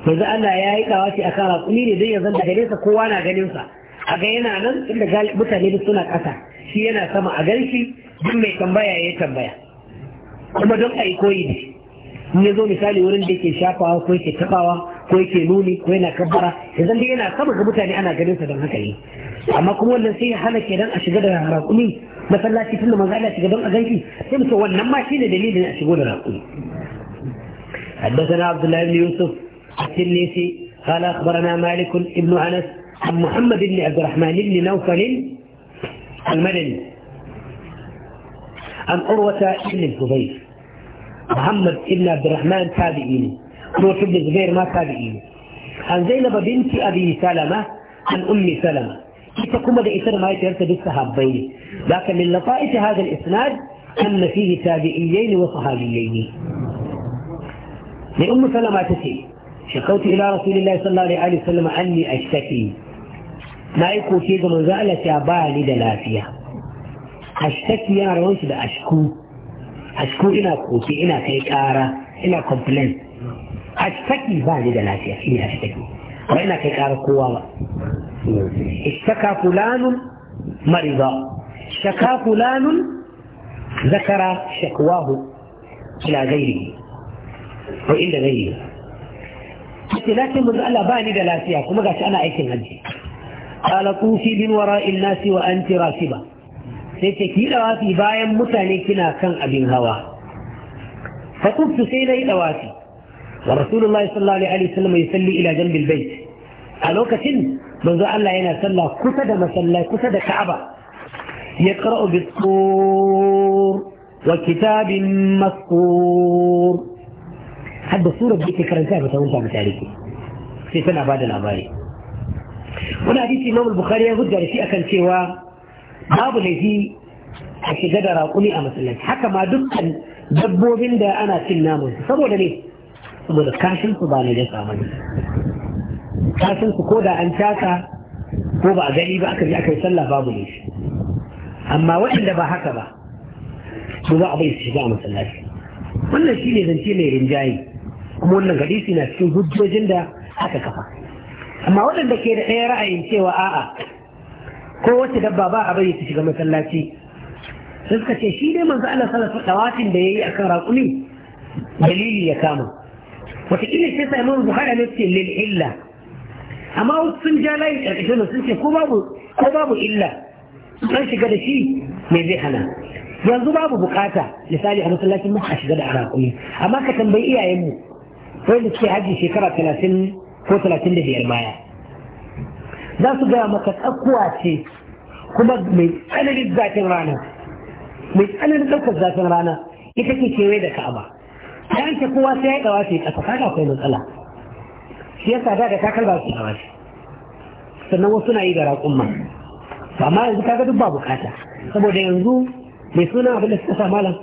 فزعل لا ياي توافي أكبر قومي لدي يظن حديث قوانا غنيمسا a ga yana nan inda mutane duk suna kasa, shi yana sama a shi duk mai tambaya ya tambaya kuma don ai koyi ne in ya zo misali wurin da yake shafawa ko yake tabawa ko yake nuni ko yana kabbara yanzu dai yana sama ga mutane ana ganin sa don haka ne amma kuma wannan sai ya hana kenan a shiga da raƙumi masallaci tunda manzo Allah shiga don a ganki sai mutum wannan ma shine dalilin a shigo da raƙumi حدثنا عبد الله بن يوسف التليسي قال اخبرنا مالك بن انس عن محمد بن عبد الرحمن بن نوفل المدني عن عروة بن الزبير محمد بن عبد الرحمن تابعين عروة بن الزبير ما تابعين عن زينب بنت أبي سلمة عن أم سلمة كيف تقوم بإسر ما يترتب الصحابين لكن من لطائف هذا الإسناد أن فيه تابعيين وصحابيين لأم سلمة تسي شكوت إلى رسول الله صلى الله عليه وسلم أني أشتكي na yi koke ga manzo Allah cewa ba ni da lafiya ashtaki ya rawan da ashku ashku ina koke ina kai kara ina complain ashtaki ba ni da lafiya shi ashtaki ba ina kai kara kowa ba ishtaka fulanun mariza shaka fulanun zakara shakwahu ila gairi ko inda gairi lakin manzo Allah ba ni da lafiya kuma gashi ana aikin hajji قال توفي من وراء الناس وانت راكبه sai ta ki dawafi bayan mutane kina kan abin hawa fa kuntu sai nayi dawafi wa rasulullahi sallallahu alaihi wasallam yusalli ila janbi albayt a lokacin manzo Allah yana sallah kusa da masallaci kusa da Ka'aba ya qra'u bi sur wa kitabin masqur hadda sura da kike karanta ba ta wuce ba sai tana bada labari wani hadisi imam bukhari ya hujja da shi akan cewa babu laifi a shiga da raƙumi a masallaci haka ma dukkan dabbobin da ana cin namun su saboda ne saboda kashin su ba ne da samun kashin su ko da an taka ko ba a gani ba aka je aka yi sallah babu laifi amma waɗanda ba haka ba su za a bai shiga a masallaci wannan shine zance mai rinjaye kuma wannan hadisi na cikin hujjojin da aka kafa amma waɗanda ke da ɗaya ra'ayin cewa a'a ko wacce dabba ba a bari ta shiga masallaci sai suka ce shi dai manzo Allah sallallahu alaihi wasallam da yayi akan raƙumi dalili ya kama kila sai sai Imam Bukhari ne ce lil illa amma wasu sun ja layi ƙarƙashin sun ce ko babu ko babu illa an shiga da shi mai zai hana yanzu babu bukata misali a masallacin mu a shiga da raƙumi amma ka tambayi iyayenmu wanda suke haji shekara talatin ko talatin da biyar baya za su gaya maka tsakuwa ce kuma mai tsananin zafin rana mai tsananin ɗaukar zafin rana ita ke kewaye da ka'aba bayan kowa sai ya dawa sai kasa kaga akwai matsala shi yasa da da takalma su dawa shi sannan wasu na yi da raƙumma ba yanzu kaga duk ba bukata saboda yanzu mai suna abin da suka sa malam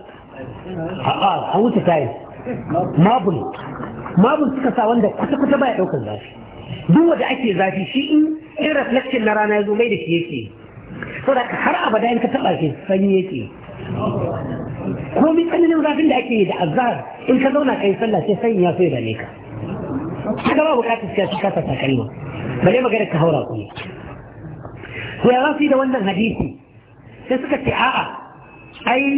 a'a an wuce tayi mabul mabun suka sa wanda kwata-kwata baya ɗaukar zafi duk wanda ake zafi shi in in reflection na rana ya zo mai da shi yake da har abada in ka taɓa shi sanyi yake Ko komai tsananin zafin da ake yi da azhar in ka zauna kai sallah sai sanyi ya so ya dame ka kaga ba bukatar sai ka kasa takalma bare magana ka haura ku ko ya rafi da wannan hadisi sai suka ce a'a ai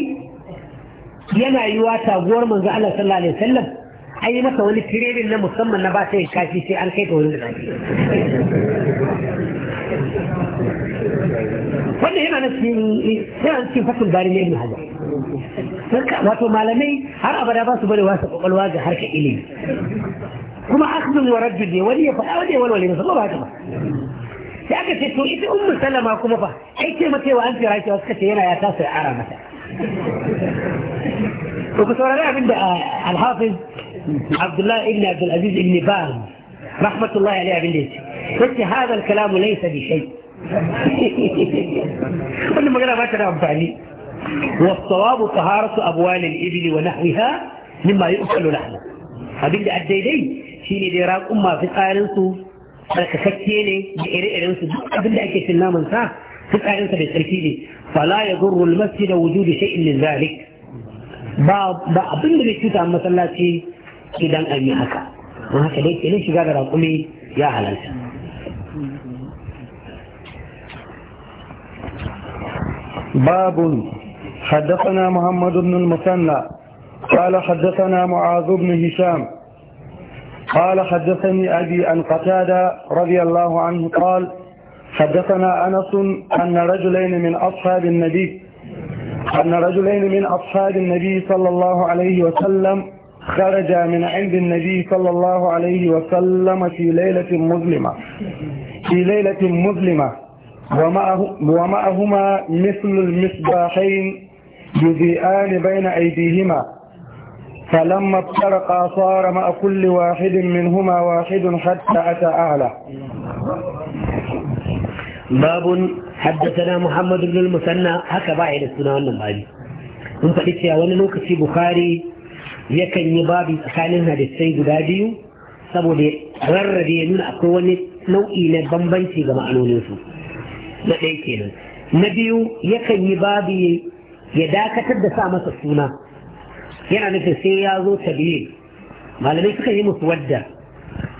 yana yiwa taguwar manzo Allah sallallahu alaihi wasallam أي ما تقولي كريم إنه مسمى النبات شيء إيه؟ كاشي شيء أنا كيف أقول فأنا هنا نسي هنا نسي فصل داري ليه من هذا فك واتو مالني هر أبدا بس بري واسق قل واجه هر كإلي وما أخذ ورد جدي ولي فا ولي ولا ولي نسي الله بعد ما ياك تسو إذا أم سلمة كم فا أي شيء ما تي وأنت رأيت وسكت هنا يا تاسع عرمة وكسورة لا عند آه، الحافظ عبد الله ابن عبد العزيز ابن فهم رحمة الله عليه بالليتي قلت هذا الكلام ليس بشيء [laughs] قلت ما قلت ما كان أبدا والصواب طهارة أبوال الإبل ونحوها مما يؤكل لحمه أبدا الديدي شين إذا راب أمه في قائل أنسو أنا كفتيني بإيري إيري أنسو أبدا أكيس النام أنسا في قائل أنسو بسركيني فلا يضر المسجد وجود شيء من ذلك بعض بعض اللي الكتاب مثلا شيء idan an هكا haka don haka dai ke shiga da raƙumi ya باب حدثنا محمد بن المثنى قال حدثنا معاذ بن هشام قال حدثني أبي أن قتادة رضي الله عنه قال حدثنا أنس أن رجلين من أصحاب النبي أن رجلين من أصحاب النبي صلى الله عليه وسلم خرج من عند النبي صلى الله عليه وسلم في ليلة مظلمة في ليلة مظلمة ومعه ومعهما مثل المصباحين يضيئان بين أيديهما فلما افترقا صار مع كل واحد منهما واحد حتى أتى أهله باب حدثنا محمد بن المثنى هكا باعي السنة والنبالي انت قلت يا ولنوك في بخاري yakan yi babi tsakanin hadisai guda biyu saboda rarrabe ya nuna akwai wani nau'i na bambanci ga ma'anoninsu na ɗaya kenan na biyu yakan yi babi ya dakatar da sa masa suna yana nufin sai ya zo tabiye malamai suka yi musu wadda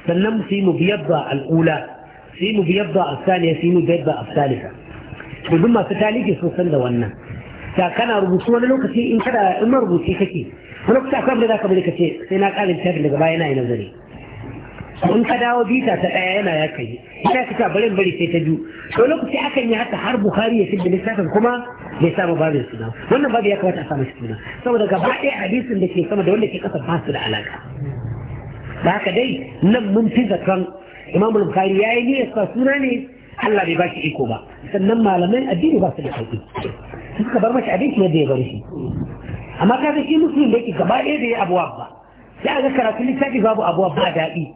sannan su yi mu biyabba al'ula su yi mu biyabba asaliya su yi mu biyabba asalisa domin masu taliki sun san da wannan ta kana rubutu wani lokaci in kada in marubuci kake wani kusa akwai da za ka bari ka ce sai na ƙarin tafi daga baya yana yi nazari in ka dawo bita ta ɗaya yana ya kai yana ta bari bari sai ta biyu to lokaci akan yi haka har bukari ya fidda littafin kuma bai samu babin suna wannan babu ya kamata a samu suna saboda gaba ɗaya hadisin da ke sama da wanda ke ƙasa ba su da alaƙa ba haka dai nan mun fi zaton imamul bukari ya yi niyyar sa suna ne Allah bai ba shi iko ba sannan malamai addini ba su da kai, suka bar mashi abinci yadda ya bar shi amma ka shi musulun da yake gaba ɗaya da ya abuwa ba a ga karatun littafi babu abuwa ba daɗi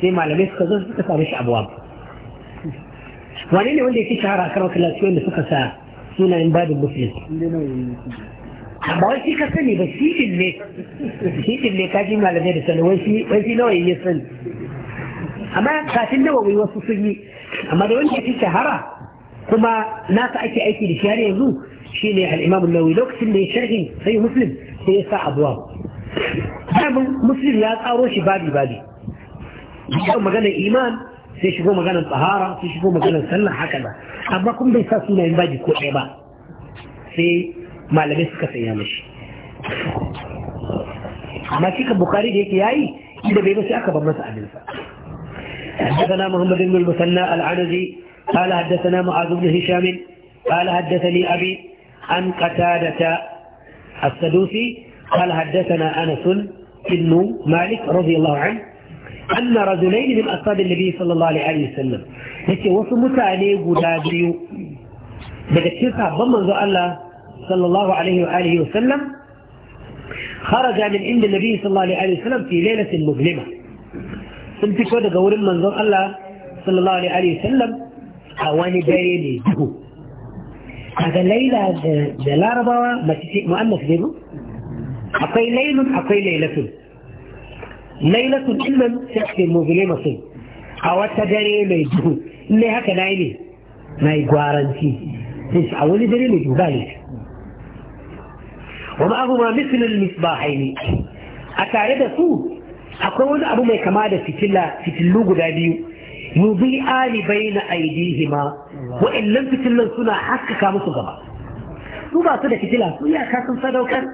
sai malamai suka zo suka samu shi abuwa Wani ne wanda yake shahara a karar kalashi wanda suka sa sunayen babin musulun ba wai shi ka sani ba shi ɗin ne shi ne ka ji malamai da sani wai shi nawa ya sani amma kafin nawa wai wasu sun yi amma da wanda yake shahara kuma nasa ake aiki da shi har yanzu شيء اللي الإمام النووي لو كتب لي شرحي سي مسلم هي ساعة أبواب باب مسلم لا تقارو شي بادي بابي يشوفوا مجال الإيمان يشوفوا مجال الطهارة يشوفوا مجال السنه هكذا أما كم بيسا سنة ينباجي كل عبا سي ما لبسك سيامش أما شيك البخاري ديك ياي إذا بيبسي أكبر مسألة حدثنا محمد بن المثنى العنزي قال حدثنا معاذ بن هشام قال حدثني أبي عن قتادة السدوسي قال حدثنا أنس بن مالك رضي الله عنه أن رجلين من أصحاب النبي صلى الله عليه وسلم لكي وصل متعني قدابي بدأ كيسا ضمن ذو الله صلى الله عليه وآله وسلم خرج من عند النبي صلى الله عليه وسلم في ليلة مظلمة سنتي كودة قول من ذو الله صلى الله عليه وسلم أواني بيني kaga laila da larabawa mace ce mu'annas ne ba akwai lailun akwai lailatun lailatun din nan sai ake mubile masu a wata dare mai duhu in dai haka nayi ne na yi gwaranci a wani dare mai duhu ba ne wa ma'ahuma mislul ne a tare da su akwai wani abu mai kama da fitilla fitillu guda biyu mubi'ani bayna aydihima wa'annan fitilan suna haskaka musu gaba su ba su da fitila su ya kasan sadaukar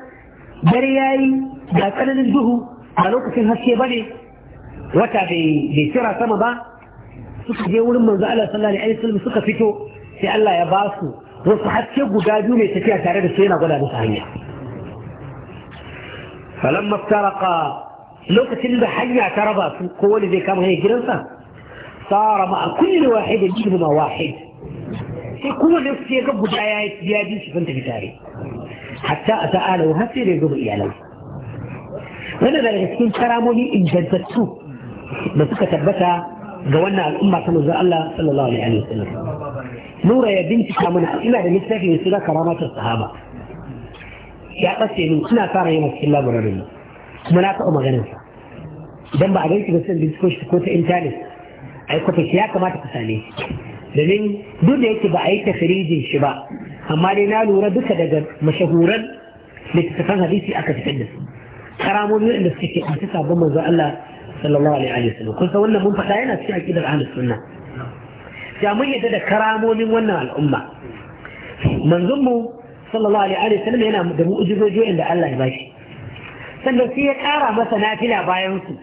dare yayi ga tsananin duhu a lokacin haske ba ne wata bai tsira sama ba suka je wurin manzo Allah sallallahu alaihi wasallam suka fito sai Allah ya ba su wasu haske guda biyu mai tafiya tare da su yana gwada musu hanya falamma taraka lokacin da hanya ta raba su ko wani zai kama hanyar gidansa صار مع كل واحد يجيب ما واحد يكون نفس يقبو جايات يادي سفنت بتاري حتى أتعالوا هاتي ليقبو إيالو فأنا ذا يسكين كراموني إن جدتو نفسك تبتا جوانا الأمة صلى الله عليه وسلم نورا يا بنتي كامنا إلا لمساك يسيرا كرامات الصحابة يا قصي من كنا صار يمسك الله برمي مناطق مغنفة دم بعد ذلك بس بنتكوش تكون انتانس ai kwata shi ya kamata ka same domin duk da yake ba a yi tafirijin shi ba amma dai na lura duka daga mashahuran littattafan hadisi aka fitar da su karamomi waɗanda suka ke a sabon manzo Allah sallallahu alaihi wa sallam kun san wannan mun faɗa yana cikin aqidar ahlus sunna da mun yadda da karamomin wannan al'umma manzon mu sallallahu alaihi wa sallam yana da mu'jizoji da Allah ya bashi sannan sai ya ƙara masa nafila bayan su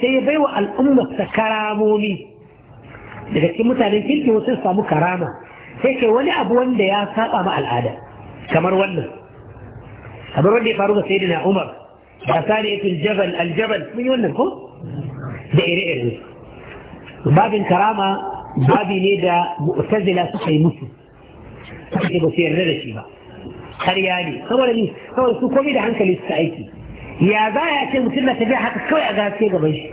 sai ya baiwa al'ummar ta karamomi daga cikin mutanen kirki wasu samu karama sai ke wani abu wanda ya saba ma al'ada kamar wannan kamar wanda ya faru ga sayyidina Umar ya saniyatul jabal aljabal mun yi wannan ko da ire-ire babin karama babi ne da mu'tazila suka yi musu suka ce ba su yarda da shi ba ya ne saboda ni saboda su komai da hankali suka aiki ya za a ce mutum na tafiya haka kawai a gaske gaban shi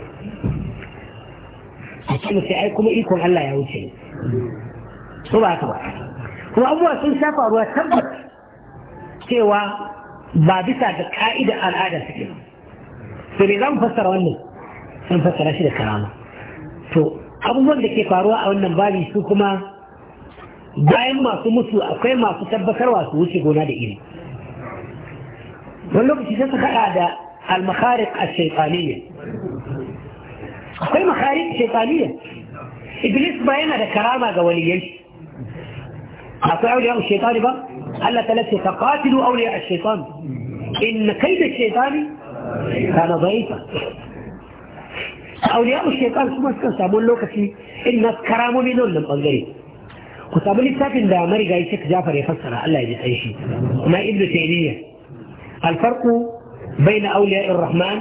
a ce ai kuma ikon Allah ya wuce su ba ta ba kuma abubuwa sun sha faruwa tabbas cewa ba bisa da ka'idar al'ada suke ba to ne za mu fassara wannan sun fassara shi da karama to abubuwan da ke faruwa a wannan babi su kuma bayan masu mutu akwai masu tabbatarwa su wuce gona da iri wani lokaci sai su da almakarik a shaifaniya اخوي مخارج شيطانيه ابليس ما هنا ده كرامه قوليه اطيع اولياء الشيطان بقى الا ثلاثه تقاتلوا اولياء الشيطان ان كيد الشيطان كان ضعيفا اولياء الشيطان شو مسكن سابون لو كفي ان كرامه من اللي مقلدين وطب اللي ساكن ده ماري جاي شيخ جعفر يفسر الله يجي اي شيء ما ابن تيميه الفرق بين اولياء الرحمن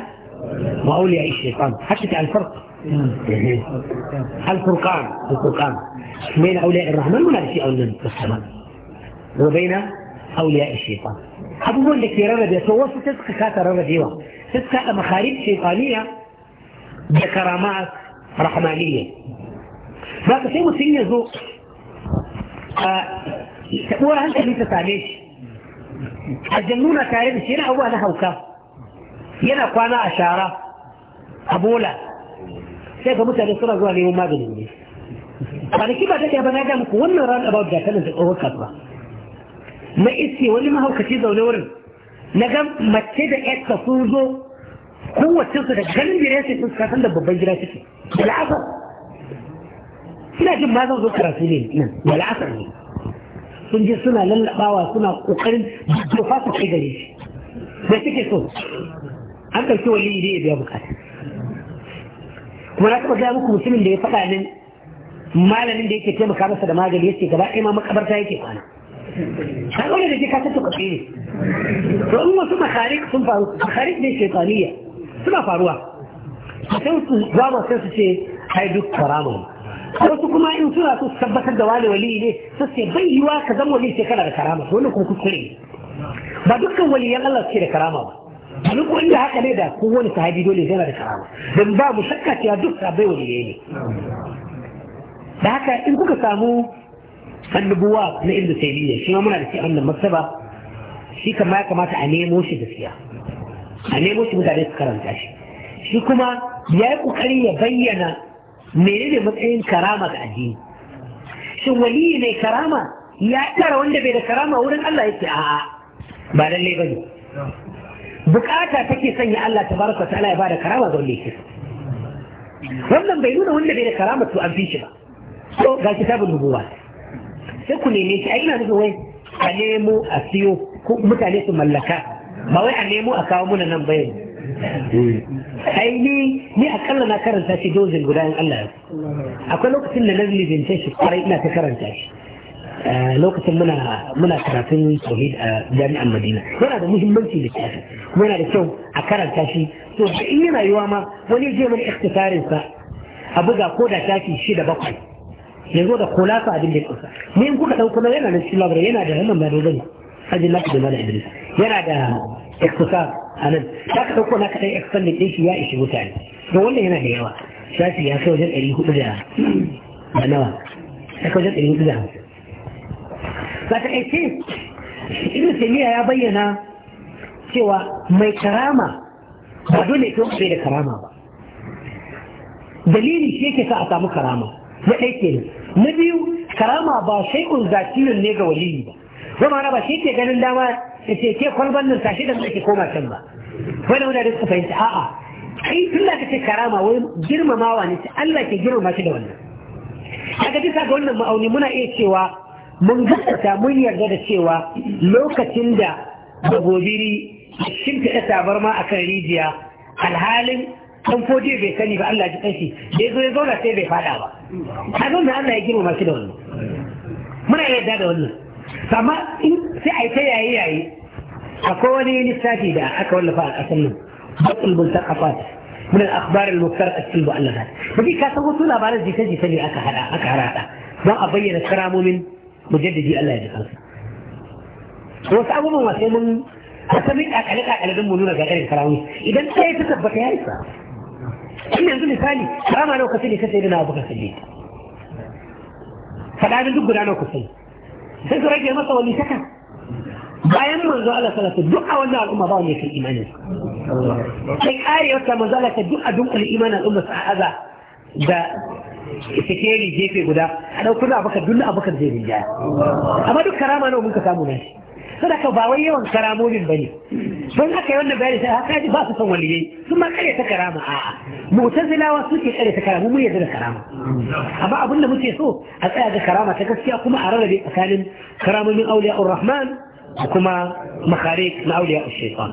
وأولياء الشيطان حتى تعرف الفرق الفرقان الفرقان بين أولياء الرحمن ولا شيء أولياء الرحمن وبين أولياء الشيطان أبو بقول لك يا رجل توصل تسقى كاتا رجل يوا تسقى مخارج شيطانية بكرامات رحمانية ما تسيم سنية زو آه، هو أنت ليس تعليش الجنون تعليش هنا أولها وكاف yana kwana a shara a bola sai ga mutane suna zuwa neman maganin ne da ba take ba na ga muku wannan ran about da kanin da tsohon kasuwa na iske wani mahaukaci zaune wurin na ga mace da yarsa sun zo kowace su da ganin gire su sun kasan da babban gida suke wala'asar ina jin ma zan zo karatu ne nan wala'asar ne sun je suna lallabawa suna kokarin dofa su kai gare shi da suke so an ɗauki wani yi ya biya bukata kuma na taɓa gaya muku mutumin da ya faɗa min malamin da yake taimaka masa da magani ya ce gaba ɗaya ma makabarta yake kwana ka ɗaure da ke ka ta tuka ne to in wasu makarik sun faru makarik ne shekaniya suna faruwa sai su mu sai su ce ai duk karama wasu kuma in suna so su tabbatar da wani wali ne su ce bai yiwa ka zama wali sai kana da karama dole kuma kuskure ba dukkan waliyan Allah suke da karama ba duk inda haka ne da kowane sahabi dole yana da karama don ba mu shakka cewa duk sabai wani ne da haka in kuka samu annabuwa na ibnu taymiya shi ma muna da shi a wannan maktaba shi kama ya kamata a nemo shi gaskiya a nemo shi mutane su karanta shi shi kuma ya yi kokari ya bayyana menene matsayin karama ga addini shin waliyi ne karama ya ƙara wanda bai da karama wurin Allah yake a'a ba lallai bane bukata take sanya Allah tabaraka ta'ala ya bada karama ga wanda yake wannan bai nuna wanda bai da karama to an fi shi ba so ga kitabun nubuwa sai ku neme shi ai ina nufin wai a nemo a siyo ko mutane su mallaka ba wai a nemo a kawo muna nan bayan ai ni ni akalla na karanta shi dozin guda in Allah akwai lokacin da na zilibince shi kwarai ina ta karanta shi Eh, lokacin muna muna karatun tauhid a jami'an madina yana da muhimmanci da kyau kuma yana da kyau a karanta shi to in yana yiwa ma wani je mana ikhtisarin sa a buga ko da tafi shi da bakwai ya zo da kulasa abin da kusa ni in kuka dauko na yana da shi labarai yana da wannan bayan zan haji na da mala idris yana da ikhtisar anan ta ka dauko na ka dai expanded din shi ya ishi mutane to wannan yana da yawa shafi ya kai wajen 400 da nawa ya kai wajen 400 ba ta aice irin taymiya ya bayyana cewa mai karama ba dole ya bai da karama ba dalili shi yake sa a samu karama ya ɗaya ne na biyu karama ba shay'un zakiyun ne ga waliyi ba zama ba shi ke ganin dama ya ce ke kwalban nan tashi da mai ke koma can ba wani wanda da suka fahimta a'a kai tun da kace karama wai girmamawa ne sai Allah ke girmama shi da wannan kaga bisa ga wannan ma'auni muna iya cewa من هذا تامل يقدر تسوى لو كتندا بغوبيري شمت أتابر ما أكريديا الحال كم فوجي بيساني فألا جتنسي يقول يقول أتي بفعلا أظن أنا يجب ما سيدون من أي داد أقول فما إن سعي سيا هي أي أكواني نساتي دا أكوان لفعل أسنم بطل البلتقى من الأخبار المفترق السلب على ذلك فكي كاسا قصولا بارز جتنسي سني أكهراتا ما أبين السرام من mujaddidi Allah ya ji kansa wasu abubuwan wasu mun hasa min kakale kakale don mu nuna ga irin karawi idan ɗaya ta tabbata ya isa in yanzu misali karama nawa kasi ne ka sai da na baka sai faɗaɗin duk guda nawa kasi sai su rage masa wani saka bayan manzo Allah sallallahu alaihi duk a wannan al'umma ba wanda yake imanin sai kare wata manzo Allah ta duk a dunkule imanin al'umma sa aza da ke sikeri gefe guda a ɗaukuna abakar dunna abakar zai rinjaya amma duk karama nawa mun ka samu nan sai ka ba wai yawan karamomin bane don haka yawan bayani sai haka ah, ji ba su san waliyai sun ma kare ta karama a'a mu'tazilawa suke kare ta karama mun yarda da karama amma abinda muke so a tsaya ga karama ta gaskiya kuma a rarrabe tsakanin karamomin auliya rahman da kuma makare na auliya shaitan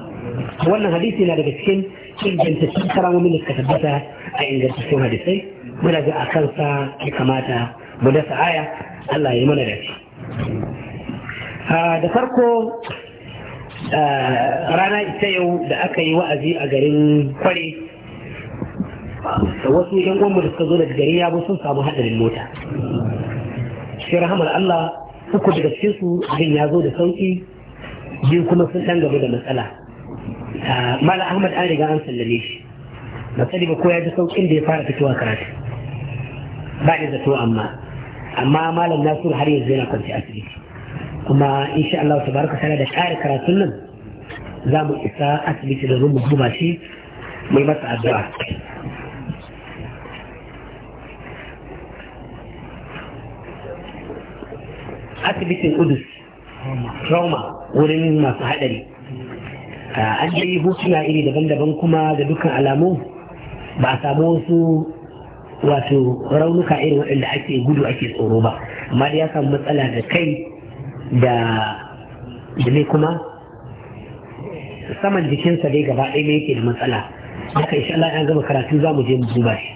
wannan hadisi na daga cikin ingantaccen karamomin da suka tabbata a ingantaccen hadisai muna ga a kansa kamata mu dasa aya Allah ya yi mana dace da farko rana ita yau da aka yi wa'azi a garin kware wasu yan uwanmu da suka zo daga ya bu sun samu haɗarin mota shi rahamar Allah uku daga cikin su abin ya zo da sauki biyu kuma sun ɗan gaba da matsala mala ahmad an riga an sallame shi ba sani ba ko ya ji saukin da ya fara fitowa karatu ba da zato amma amma malam nasiru har yanzu yana kwanci asibiti kuma insha Allah ta baraka tana da ƙara karatun nan za mu isa asibiti da mu duba shi mai masa addu'a asibitin Udus trauma wurin masu haɗari ah, an yi hotuna iri daban-daban kuma da dukkan alamu ba a samu wasu wato raunuka irin waɗanda ake gudu ake tsoro ba amma da ya samu matsala da kai da ne kuma saman jikinsa dai gaba ɗaya yake da matsala haka insha Allah an gama karatu za mu je mu duba shi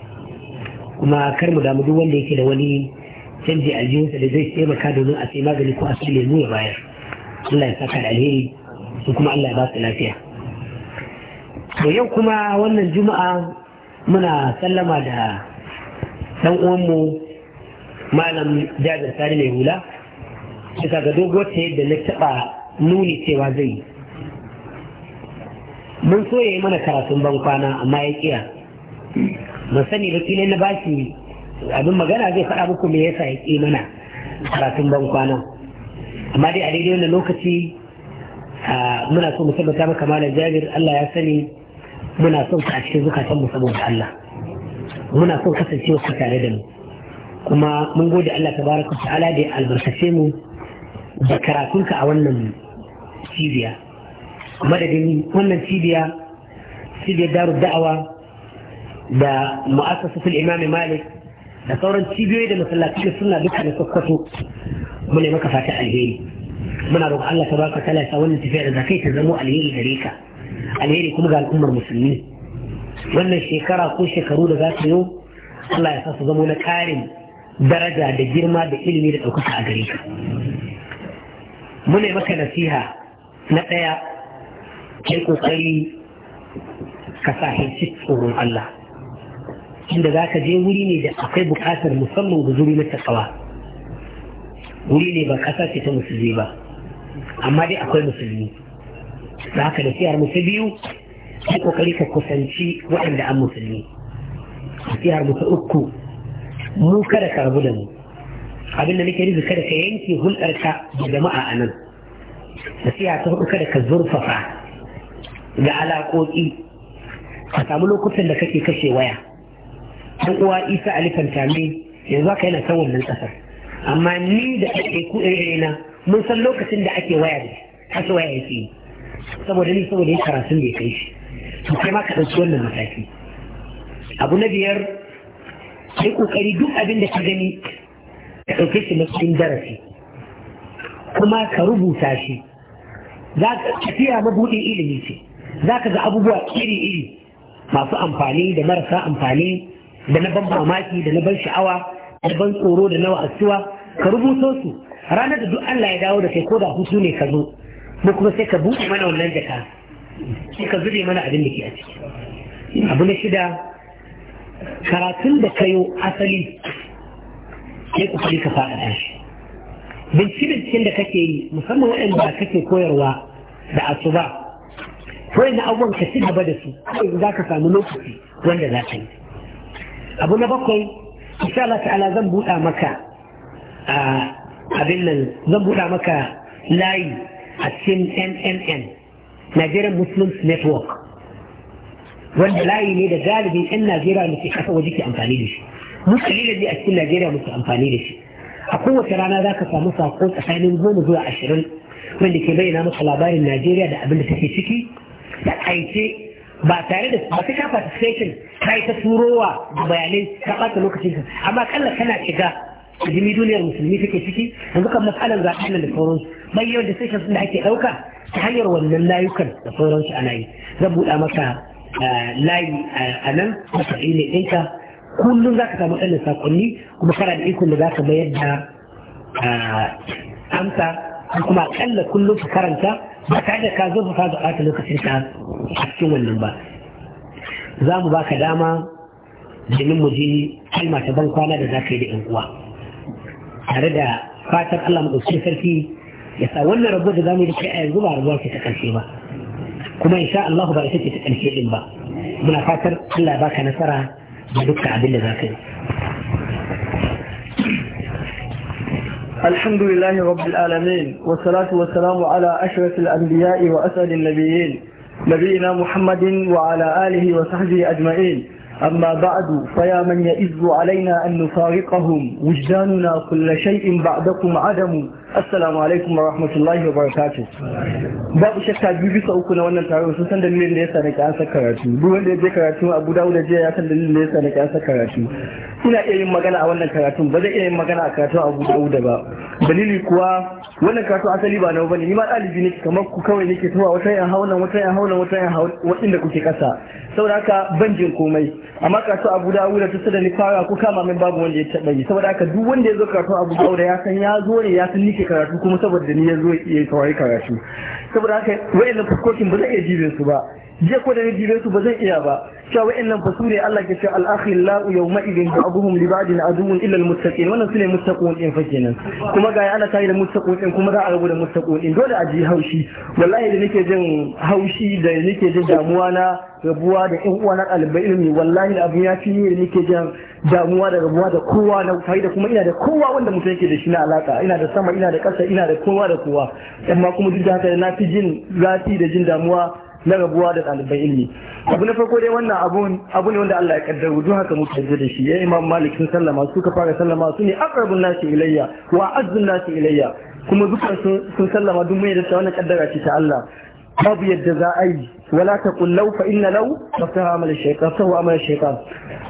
kuma kar mu damu duk wanda yake da wani canji aljihunsa da zai taimaka domin a sai magani ko a sai lemu ya bayar Allah ya saka da alheri kuma Allah ya ba su lafiya to yau kuma wannan juma'a muna sallama da ɗan uwanmu malam jabir sani mai hula bisa ga doguwar ta yadda na taɓa nuni cewa zai mun so ya yi mana karatun ban kwana amma ya kiya Mun sani ba kila na bashi abin magana zai faɗa muku me yasa ya ƙi mana karatun ban kwana amma dai a daidai wannan lokaci muna so mu tabbata maka malam jabir Allah ya sani muna son ka a cikin zukatanmu saboda Allah muna son kasancewa ku tare da mu kuma mun gode Allah tabaraka ta'ala da albarkace mu da karatunka a wannan cibiya madadin wannan cibiya cibiyar daru da'awa da mu'assasatul imami malik da sauran cibiyoyi da masallaci da suna duka da sokoto mu ne maka fata alheri muna roƙon Allah tabaraka ta'ala ya sa wannan tafiya da zakai ta zamo alheri gare ka alheri kuma ga al'ummar musulmi wannan shekara ko shekaru da za su yi Allah ya sa su zamo na karin daraja da girma da ilimi da ɗaukaka a gare ka muna maka nasiha na ɗaya kai kokari ka sahinci tsoron Allah inda za ka je wuri ne da akwai buƙatar musamman ga zuri na takawa wuri ne ba ƙasa ce ta musulmi ba amma dai akwai musulmi da haka da siyar musu biyu ka kokari ka kusanci waɗanda an musulmi siyar musu uku mu kada ka rabu da mu abin da nake nufi kada ka yanke hulɗarka da jama'a a nan siya ta hudu kada ka zurfafa ga alaƙoƙi ka samu lokutan da kake kashe waya ɗan uwa isa alifan tame yanzu haka yana san wannan ƙasar amma ni da ake ku eh, eh, na mun san lokacin da ake waya da waya yake yi saboda ni saboda yin karatun da ya kai shi to kai ma ka ɗauki wannan mataki abu na biyar kai kokari duk abin da ka gani ka ɗauke shi cikin darasi kuma ka rubuta shi za ka tafiya mabuɗin ilimi ce za ka ga abubuwa iri-iri masu amfani da marasa amfani da na ban mamaki da na ban sha'awa da ban tsoro da na wa'asuwa ka rubuto su ranar da duk Allah ya dawo da kai ko da hutu ne ka zo mu kuma sai ka buɗe mana wannan jaka sai ka zube mana abin da ke a ciki abu na shida karatun da kayo asali sai ku fari ka faɗaɗa shi binciken da kake yi musamman waɗanda kake koyarwa da asuba kawai na abubuwan ka ci gaba da su kawai za ka samu lokaci wanda za ka yi abu na bakwai insha Allah ta'ala zan buɗa maka abin nan zan buɗa maka layi السن ان ان ان نيجيريان مسلمز نتورك وان لاي ني ده جالبي ان نيجيريا اللي في كفا وديكي امفاني دي مش اللي دي اكل نيجيريا مش امفاني دي اقوى ترانا ذاك فمسا قوت اساني نقول زو 20 من اللي كبينا مش على بال نيجيريا ده قبل تكي تكي لا اي شيء ba tare da ba ta kafa station sai ta turowa da bayanai ta ɓata lokacin amma kalla kana shiga jimi duniyar musulmi take ciki yanzu kan bayyau da sessions da ake ɗauka ta hanyar wannan layukan da sauransu ana yi zan buɗa maka eh, layi a nan masa ne ɗinka kullum za ka samu ɗan sakonni kuma kana da ikon da za ka bayar da eh, amsa kuma kalla kullum ka karanta ba tare da ka zurfafa ga ɓata lokacin ka a cikin wannan ba za mu baka dama domin mu je kalma ta ban kwana da za ka yi da 'yan uwa tare da fatar Allah mu ɗauki sarki yasa wannan rabuwar da zamu yi kai ayi zuwa rabuwar ta kanshi ba kuma insha Allah ba ita ce ta kanshi din ba muna fatar Allah ya baka nasara da dukkan abin da zaka yi الحمد لله رب العالمين والصلاة والسلام على أشرف الأنبياء وأسعد النبيين نبينا محمد وعلى آله وصحبه أجمعين أما بعد فيا من يئذ علينا أن نفارقهم وجداننا كل شيء بعدكم عدم assalamu alaikum wa rahmatullahi wa barakatu babu shakka biyu bisa uku na wannan taro sun san dalilin da ya sa na ƙasa karatu duk wanda ya je karatu abu dawud da jiya ya san dalilin da ya sa na ƙasa karatu ina iya yin magana a wannan karatun ba zai iya yin magana a karatun abu da ba dalili kuwa wannan karatu asali ba na bane ni ma dalibi ne kamar ku kawai nake tawa wata yan haunan wata yan haunan wata yan haunan kuke kasa saboda haka ban jin komai amma karatu abu dauda ta da ni fara ko kama min babu wanda ya taba yi saboda haka duk wanda ya zo karatu abu dauda ya san ya zo ne ya san nike karatu kuma saboda ni ya zo ya yi karatu saboda haka wayannan fuskokin ba zai iya su ba jiya ko da na dibe su ba zan iya ba cewa wa'annan fa sune Allah ke cewa al-akhillau yawma idin ba'dhum li ba'din aduwwun illa al-muttaqin wannan ne muttaqun din fa kenan kuma ga ana tayi da muttaqun din kuma za a rabu da muttaqun din dole a ji haushi wallahi da nake jin haushi da nake jin damuwa na rabuwa da ƴan uwa na ɗalibai ilimi wallahi da abin ya fi ne da nake jin damuwa da rabuwa da kowa na faida kuma ina da kowa wanda mutum yake da shi na alaka ina da sama ina da ƙasa ina da kowa da kowa amma kuma duk da haka na fi jin zafi da jin damuwa na rabuwa da ɗaliban ilimi abu na farko dai wannan abu ne wanda Allah ya kaddara duk haka muka yarda da shi ya imam malik sun sallama su ka fara sallama su ne aqrabun nasi ilayya wa azzun nasi ilayya kuma dukkan sun sallama duk mun yarda wannan kaddara ce ta Allah babu yadda za a yi wala ta kullau fa inna lau taftaha amal shaytan fa amal shaytan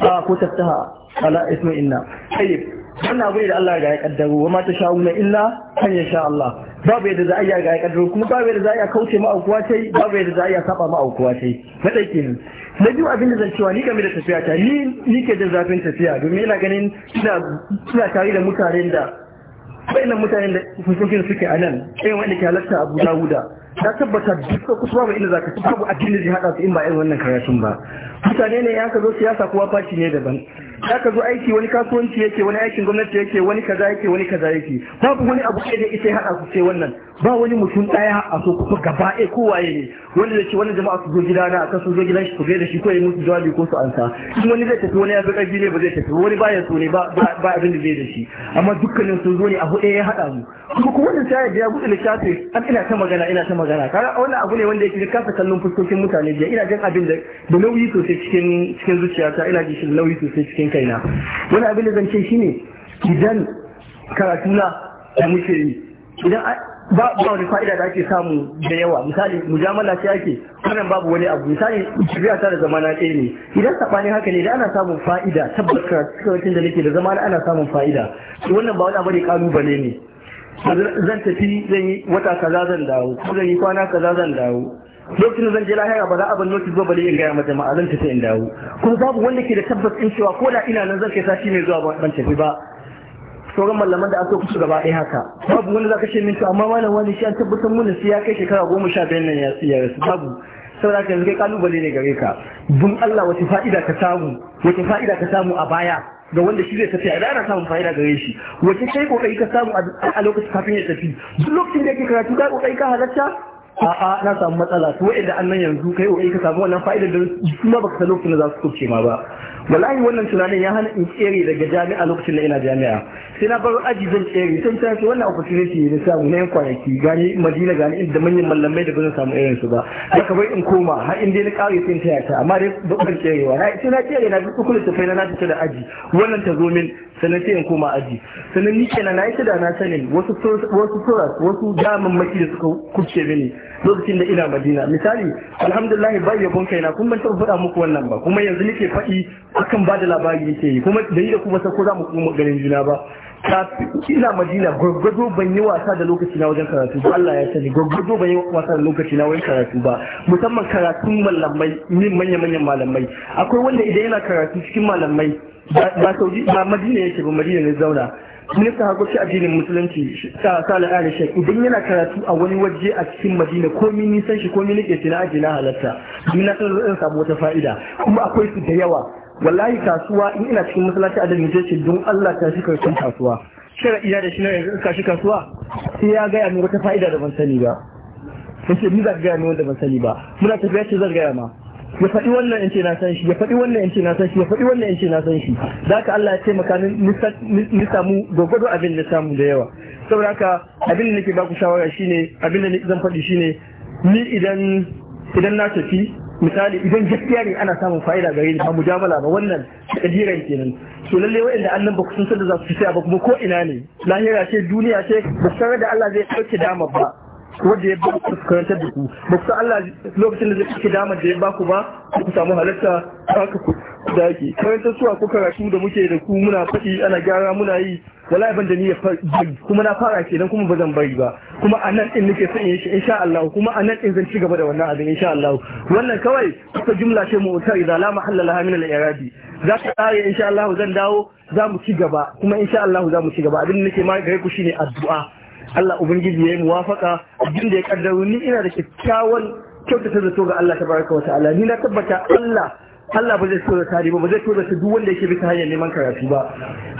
ah, ko taftaha ala ismu inna tayyib wannan abu ne da Allah ya kaddaro wa ma ta sha'una illa kan ya sha Allah babu yadda za a iya ga ya kaddaro kuma babu yadda za a iya kauce ma aukuwa tai babu yadda za a iya saba ma aukuwa sai. na dai kenan na biyu abin da zan cewa ni game da tafiya ta ni ni ke jin zafin tafiya domin ina ganin ina tare da mutanen da nan mutanen da fuskokin suke a nan irin wanda ke halatta Abu Dawuda ta tabbata duk da kusa babu inda zaka ci babu addini da hada su in ba irin wannan karatun ba mutane ne ya ka zo siyasa kowa faci ne daban za ka zo aiki wani kasuwanci yake wani aikin gwamnati yake wani kaza yake wani kaza yake babu wani abu da ita ya haɗa ku sai wannan ba wani mutum daya a so kuma gaba ɗaya kowaye ne wanda zai ce wani jama'a su zo gidana a kan su zo gidan shi su gaida shi ko ya musu jawabi ko su ansa in wani zai tafi wani ya fi ƙarfi ne ba zai tafi wani baya so ne ba abin da zai da shi amma dukkanin sun zo ne abu ɗaya ya haɗa mu kuma kuma wannan shayar da ya buɗe littafi an ina ta magana ina ta magana kaga wannan abu ne wanda yake kasa kallon fuskokin mutane biya ina jin abin da nauyi sosai cikin cikin zuciyata ina jin shi nauyi sosai cikin kaina wani abin da zan ce shine idan na da muke yi idan ba wani fa'ida da ake samu da yawa misali mujamala ce ake wannan babu wani abu misali shari'a ta da zamana ɗaya ne idan sabani haka ne idan ana samun fa'ida tabbata cikin da nake da zamana ana samun fa'ida wannan ba wani abu ne kalubale ne zan tafi zan yi wata kaza zan dawo ko zan yi kwana kaza zan dawo lokacin zan je lahira ba za a bar notice ba bale in gaya ma jama'a zan tafi in dawo kuma babu wanda ke da tabbas cewa ko da ina nan zan kai sashi mai zuwa ban tafi ba sauran malaman da aka kusa gaba ɗaya haka babu wani zaka ce min to amma malam wani shi an tabbatar mun sai ya kai shekara goma sha biyar nan ya tsiya rasu babu saboda ka yanzu kai kalubale ne gare ka bin Allah wace fa'ida ka samu wata fa'ida ka samu a baya ga wanda shi zai tafi a ana samun fa'ida gare shi wace kai kokari ka samu a lokacin kafin ya tafi duk lokacin da yake karatu ka kokari ka halarta? a'a na samu matsala to wa'anda annan yanzu kai kokari ka samu wannan fa'idar da kuma baka san lokacin da za su kuce ma ba wallahi wannan tunanin ya hana in tsere daga jami'a lokacin da ina jami'a sai na bar aji zan tsere sai ta ce wannan opportunity ne samu na yan kwanaki gani madina gani inda manyan mallamai da bazan samu irin su ba ai ka bai in koma har in dai na kare sai ta ta amma dai ban tserewa na sai na tsere na bi kullu tafai na ta da aji wannan ta zo min sannan sai in koma aji sannan ni kenan na yi da na sanin wasu wasu turas wasu damammaki da suka kuce mini lokacin da ina madina misali alhamdulillah bai yabon kaina kun ban taɓa faɗa muku wannan ba kuma yanzu nake faɗi akan ba da labari yake yi kuma da yi da kuma sako za mu kuma ganin juna ba ina madina gwaggwado ban yi wasa da lokaci na wajen karatu ba Allah ya sani gwaggwado ban yi wasa da lokaci na wajen karatu ba musamman karatun malamai Min manya-manyan malamai akwai wanda idan yana karatu cikin malamai ba sauji ba madina yake ba madina ne zauna minista harkoki addinin musulunci ta sala ala shek idan yana karatu a wani waje a cikin madina ko min nisan shi ko min nake na aji na halatta domin na san zan samu wata fa'ida kuma akwai su da yawa wallahi kasuwa in ina cikin masallaci adam yace ce don Allah ta shi karshen kasuwa shar'i iya da shi na yanzu ka shi kasuwa sai ya gaya min wata fa'ida da ban sani ba yace ni za ka gaya min wanda ban sani ba muna tafiya ce zan gaya ma ya faɗi wannan in ce na san shi ya faɗi wannan in ce na san shi ya faɗi wannan in ce na san shi da Allah ya taimaka ni samu gwagwado abin da samu da yawa saboda haka abin da nake baku shawara shine abin da zan faɗi shine ni idan idan na tafi misali idan gaskiya ne ana samun fa'ida gare ni ba mujamala ba wannan kadiran kenan to lalle wa'anda Allah ba ku san da za su tsaya ba kuma ko ina ne lahira ce duniya ce ba da Allah zai dauke dama ba wanda ya ba da ku ba ku Allah lokacin da zai kike damar da ya ba ku ba ku samu halatta haka ku dake karantar suwa ko karatu da muke da ku muna faɗi ana gyara muna yi wallahi ban da ni ya bari kuma na fara kenan kuma ba zan bari ba kuma a nan din nake son shi insha Allah kuma a nan din zan ci gaba da wannan abin insha Allah wannan kawai wata jumla ce mu ta idza la mahalla laha min al-i'rabi za ta tsare insha Allah zan dawo za mu ci gaba kuma insha Allah za mu ci gaba abin da nake ma gare ku shine addu'a Allah ubangiji ya yi muwafaka abin da ya kaddaro ni ina da kyakkyawan kyautata zato ga Allah tabaraka wa ta'ala ni na tabbata Allah Allah ba zai so tare ba ba zai so da duk wanda yake bisa hanyar neman karatu ba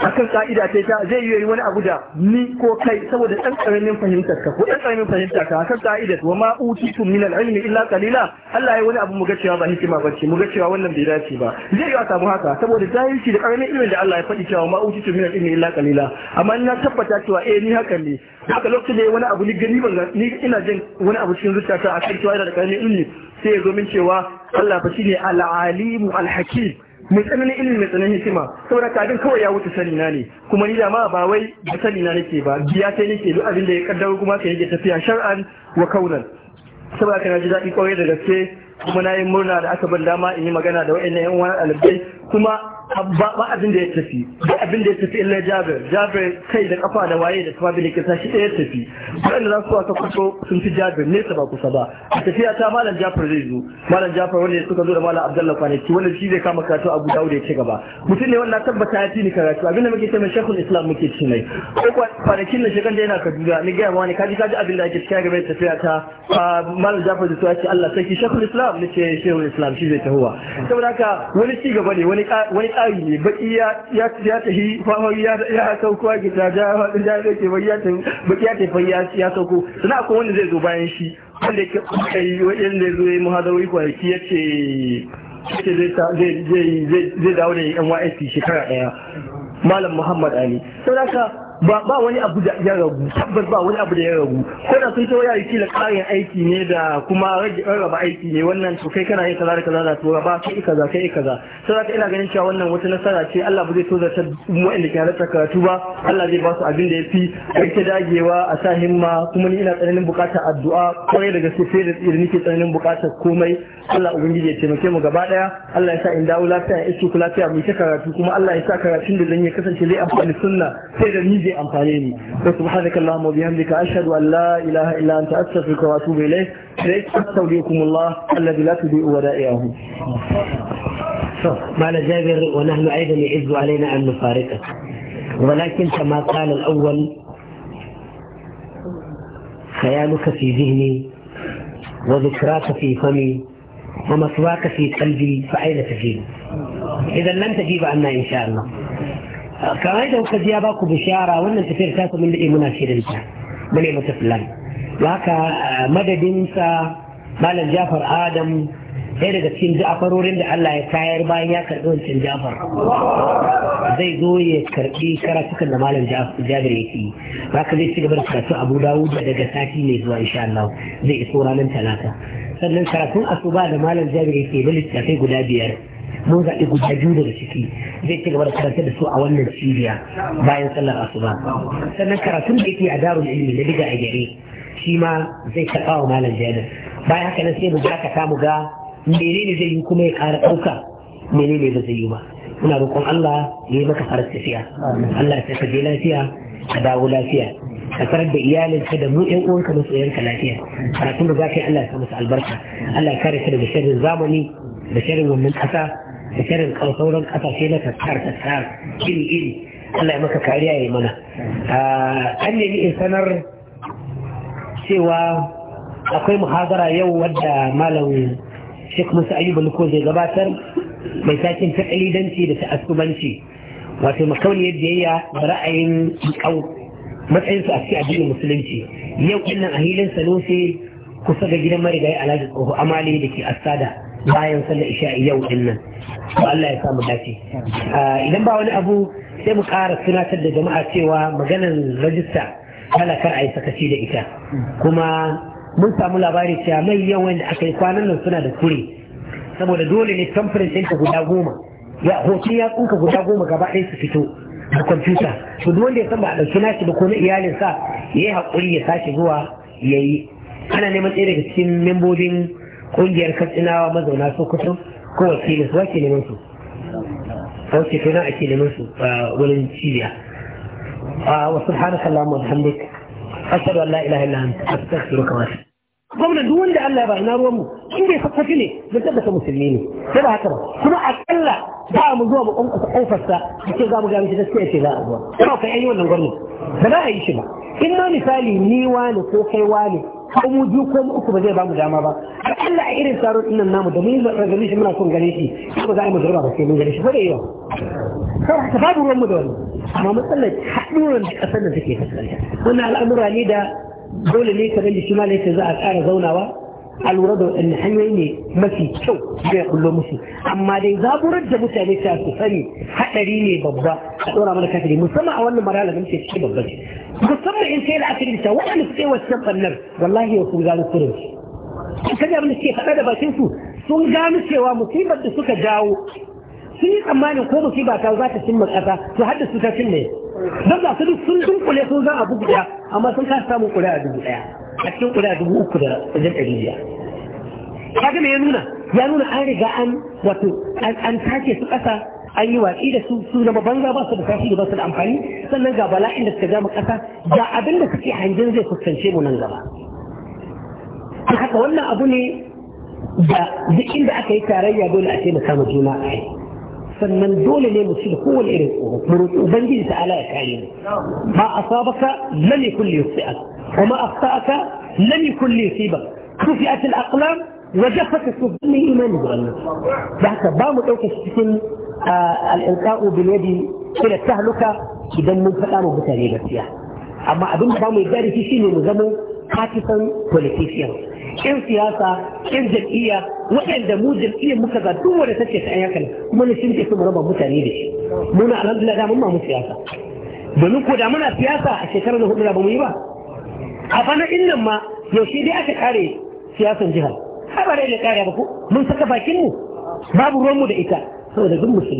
akan ka'ida ta ta zai yi wani abu da ni ko kai saboda dan karamin fahimtar ka ko dan karamin fahimtar ka akan ka'ida wa ma utitum min al-ilmi illa qalila Allah ya wani abu mu ga cewa ba hikima ce mu ga cewa wannan bai dace ba zai yi a samu haka saboda jahilci da karamin ilmin da Allah ya faɗi cewa ma utitum min al-ilmi illa qalila amma ina tabbata cewa eh ni haka ne haka lokacin da wani abu ni gani ban ni ina jin wani abu cikin zuciyata akan cewa ina da karamin ilmi sai ya zo min cewa Allah fa shine al alim al-hakim mai tsananin ilimi mai tsananin hikima saboda kadin kawai ya wuce sani na ne kuma ni da ma ba wai da sani na nake ba biya sai nake duk abin da ya kaddaro kuma sai yake tafiya shar'an wa kaunan saboda kana ji daɗi kawai da gaske kuma na yi murna da aka ban dama in yi magana da wa'annan yan uwan ɗalibai kuma ba abin da ya tafi ba abin da ya tafi illa jabir jabir kai da kafa da waye da tafi bin kisa shi ɗaya ya tafi wanda za su wasa kuso sun fi jabir nesa ba kusa ba a tafiya ta malam jafar zai zo malam jafar wanda ya suka zo da malam abdullahi kwanaki wanda shi zai kama karatu abu dawud ya ci gaba mutum ne wanda tabbata ya fi ni karatu abin da muke ce mai shekul islam muke ci mai ko kwanakin na shekan da yana kaduna ni gaya wani kaji kaji abin da ake cikin gaba tafiya ta malam jafar zai ya ce allah sarki shekul islam ni ce shekul islam shi zai tahowa saboda haka wani ci gaba ne wani ne baki ya tafi fahimari ya sauko a gida da faɗin da ya ce baki ya tafi ya sauko suna akwai wanda zai zo bayan shi wanda ke kai wanda zo ya yi muhadarwai kwanaki ya ce zai dawo da yan ysp shekara ɗaya malam muhammad ali sau da ba ba wani abu da ya ragu tabbas ba wani abu da ya ragu ko da sun tawaya yi kila karin aiki ne da kuma rage rarraba aiki ne wannan to kai kana yin kaza da kaza da tura ba kai kaza kai kaza ka ina ganin cewa wannan wata nasara ce Allah ba zai tozarta wanda ke halarta karatu ba Allah zai ba su abin da yafi ake dagewa a sa himma kuma ni ina tsananin bukatar addu'a kwarai da gaske sai da tsiri nake tsananin bukatar komai Allah ubangiji ya taimake mu gaba daya Allah ya sa in dawo lafiya ya isu lafiya mu ta karatu kuma Allah ya sa karatun da zan yi kasance zai amfani sunna sai da ni أمطالين فسبح ذك اللهم وبيهمدك أشهد أن لا إله إلا انت تأسف لك وأتوب إليه ليس أستوليكم الله الذي لا تبيء ودائعه معنى جابر ونحن أيضا يعز علينا أن نفارقه ولكن كما قال الأول خيالك في ذهني وذكراك في فمي ومطواك في قلبي فأين تجيب إذا لن تجيب عنا إن شاء الله kamar da kuka ji ya baku bishara wannan tafiyar ta samu da muna shirin ta mun yi mata fulani haka eh, madadinsa malam jafar adam ɗaya daga cikin ja'afarorin da Allah ya tayar bayan ya karɓi wancan Jafar. zai zo ya karɓi karatukan da malam jabir yake yi haka zai ci gaba da karatun abu da daga sati mai zuwa insha Allah zai iso ranar talata sannan karatun asuba da malam jabir yake da littattafai guda biyar mun zaɓi guda biyu daga ciki zai ci gaba da karanta da su a wannan cibiya bayan sallar asuba sannan karatun da yake a darul ilmi na diga a gare shi ma zai taɓa wa malam janar bayan haka nan sai mu ga ka mu ga menene zai yi kuma ya ƙara ɗauka menene ba zai yi ba muna roƙon Allah ya yi maka farar tafiya Allah ya saka je lafiya ka dawo lafiya ka tarar da iyalinka da mu ƴan uwanka masoyanka lafiya karatun da za ka yi Allah ya sa masa albarka Allah ya kare ka daga shirin zamani da shirin wannan ƙasa da shirin sauran kasashe na tattar tattar iri iri Allah ya maka kariya ya mana ah, an nemi in sanar cewa akwai muhazara yau wadda malam shek Musa Ayuba Luko zai gabatar mai takin ta kalidanci da ta'assubanci wato makauniyar biyayya da ra'ayin kau matsayinsu a cikin addinin musulunci yau kinnan a hilin sanusi kusa ga gidan marigayi alhaji tsoho amali da ke Asada. bayan sallar isha yau din nan to Allah ya samu dace idan ba wani abu sai mu ƙara tunatar da jama'a cewa maganar rajista ana kar a yi sakaci da ita kuma mun samu labari cewa mai yawan da aka yi kwanan nan suna da kure saboda dole ne conference ɗinka guda goma ya hoton ya tsunka guda goma gaba ɗaya su fito da kwamfuta to duk wanda ya san ba a ɗauki nashi ba ko na iyalinsa ya yi haƙuri ya sake zuwa ya yi ana neman ɗaya daga cikin membobin ƙungiyar katsinawa mazauna sokoto ko wakilin su wake neman su wace to nan ake neman su wurin cibiya wa subhanaka allahumma wa bihamdik ashhadu an la ilaha illa anta astaghfiruka wa atubu gwamna duk wanda Allah ya ba ina mu in bai sassafi ne don tabbata musulmi ne sai ba haka ba kuma akalla ba mu zuwa mu kwankwasa kofarsa a ce za mu gami shi gaskiya ce za a zuwa kuma kai an yi wannan gwamna ba za a yi shi ba in ma misali ni wani ko kai wani ko mu biyu ko mu uku ba zai bamu dama ba akalla a irin taron ɗin namu da mun ragami shi muna son gane shi ko za a yi mu ba sai mun gane shi ko da yawa kawai haka babu ruwanmu da wani amma matsalar haɗuran a ƙasar da suke fuskanta wannan al'amura ne da dole ne kamar da shi ma ne za a ƙara zaunawa a lura da waɗanne hanyoyi ne mafi kyau zai kullo musu amma dai zaburar da mutane ta su sani haɗari ne babba a ɗora mana kafiri musamman a wannan marala da muke ciki babba ce musamman in sai da aka rubuta waɗanda suke wasu ɓannar wallahi wasu gano kurin su kaji abin da suke faɗa da bakin su sun gano cewa musibar da suka jawo sun yi tsammanin ko musiba ta za ta cimma ƙasa to hadda su ta cimma don za su duk sun dunkule sun za a bugu ɗaya amma sun kasa samun kula a dubu ɗaya a cikin ƙuri'a dubu uku da wajen ɗari biyar kaga me ya nuna ya nuna an riga an wato an tace su ƙasa an yi watsi da su su zama banza ba su da tashi da ba su da amfani sannan ga bala'in da suka gama ƙasa ga abin da suke hangen zai fuskance mu nan gaba haka wannan abu ne da duk inda aka yi tarayya dole a taimaka ma juna a yi من دول اللي يشركوا وبنجي سألاك عليهم ما أصابك لم يكن ليصيبك وما أخطأك لم يكن ليصيبك كفئت الأقلام وجفت السبني إيمان جرن بحث بام أوك السكن الإلقاء باليد إلى التهلكة إذا من فتام بتاريبتها أما أبن بام يجاري في سيني مزمو خاتفا بوليتيسيا yan siyasa yan jam'iyya waɗanda mu jam'iyyar muka ga duk wanda take ta ayyukan kuma ne sun ce su raba mutane da shi muna alhamdulillah da mun ma mu siyasa domin ko da muna siyasa a shekarar da hudu da ba mu yi ba a bana innan ma yaushe dai aka kare siyasan jihar har ba da kare ba ko mun saka bakin mu babu ruwan mu da ita saboda duk musulmi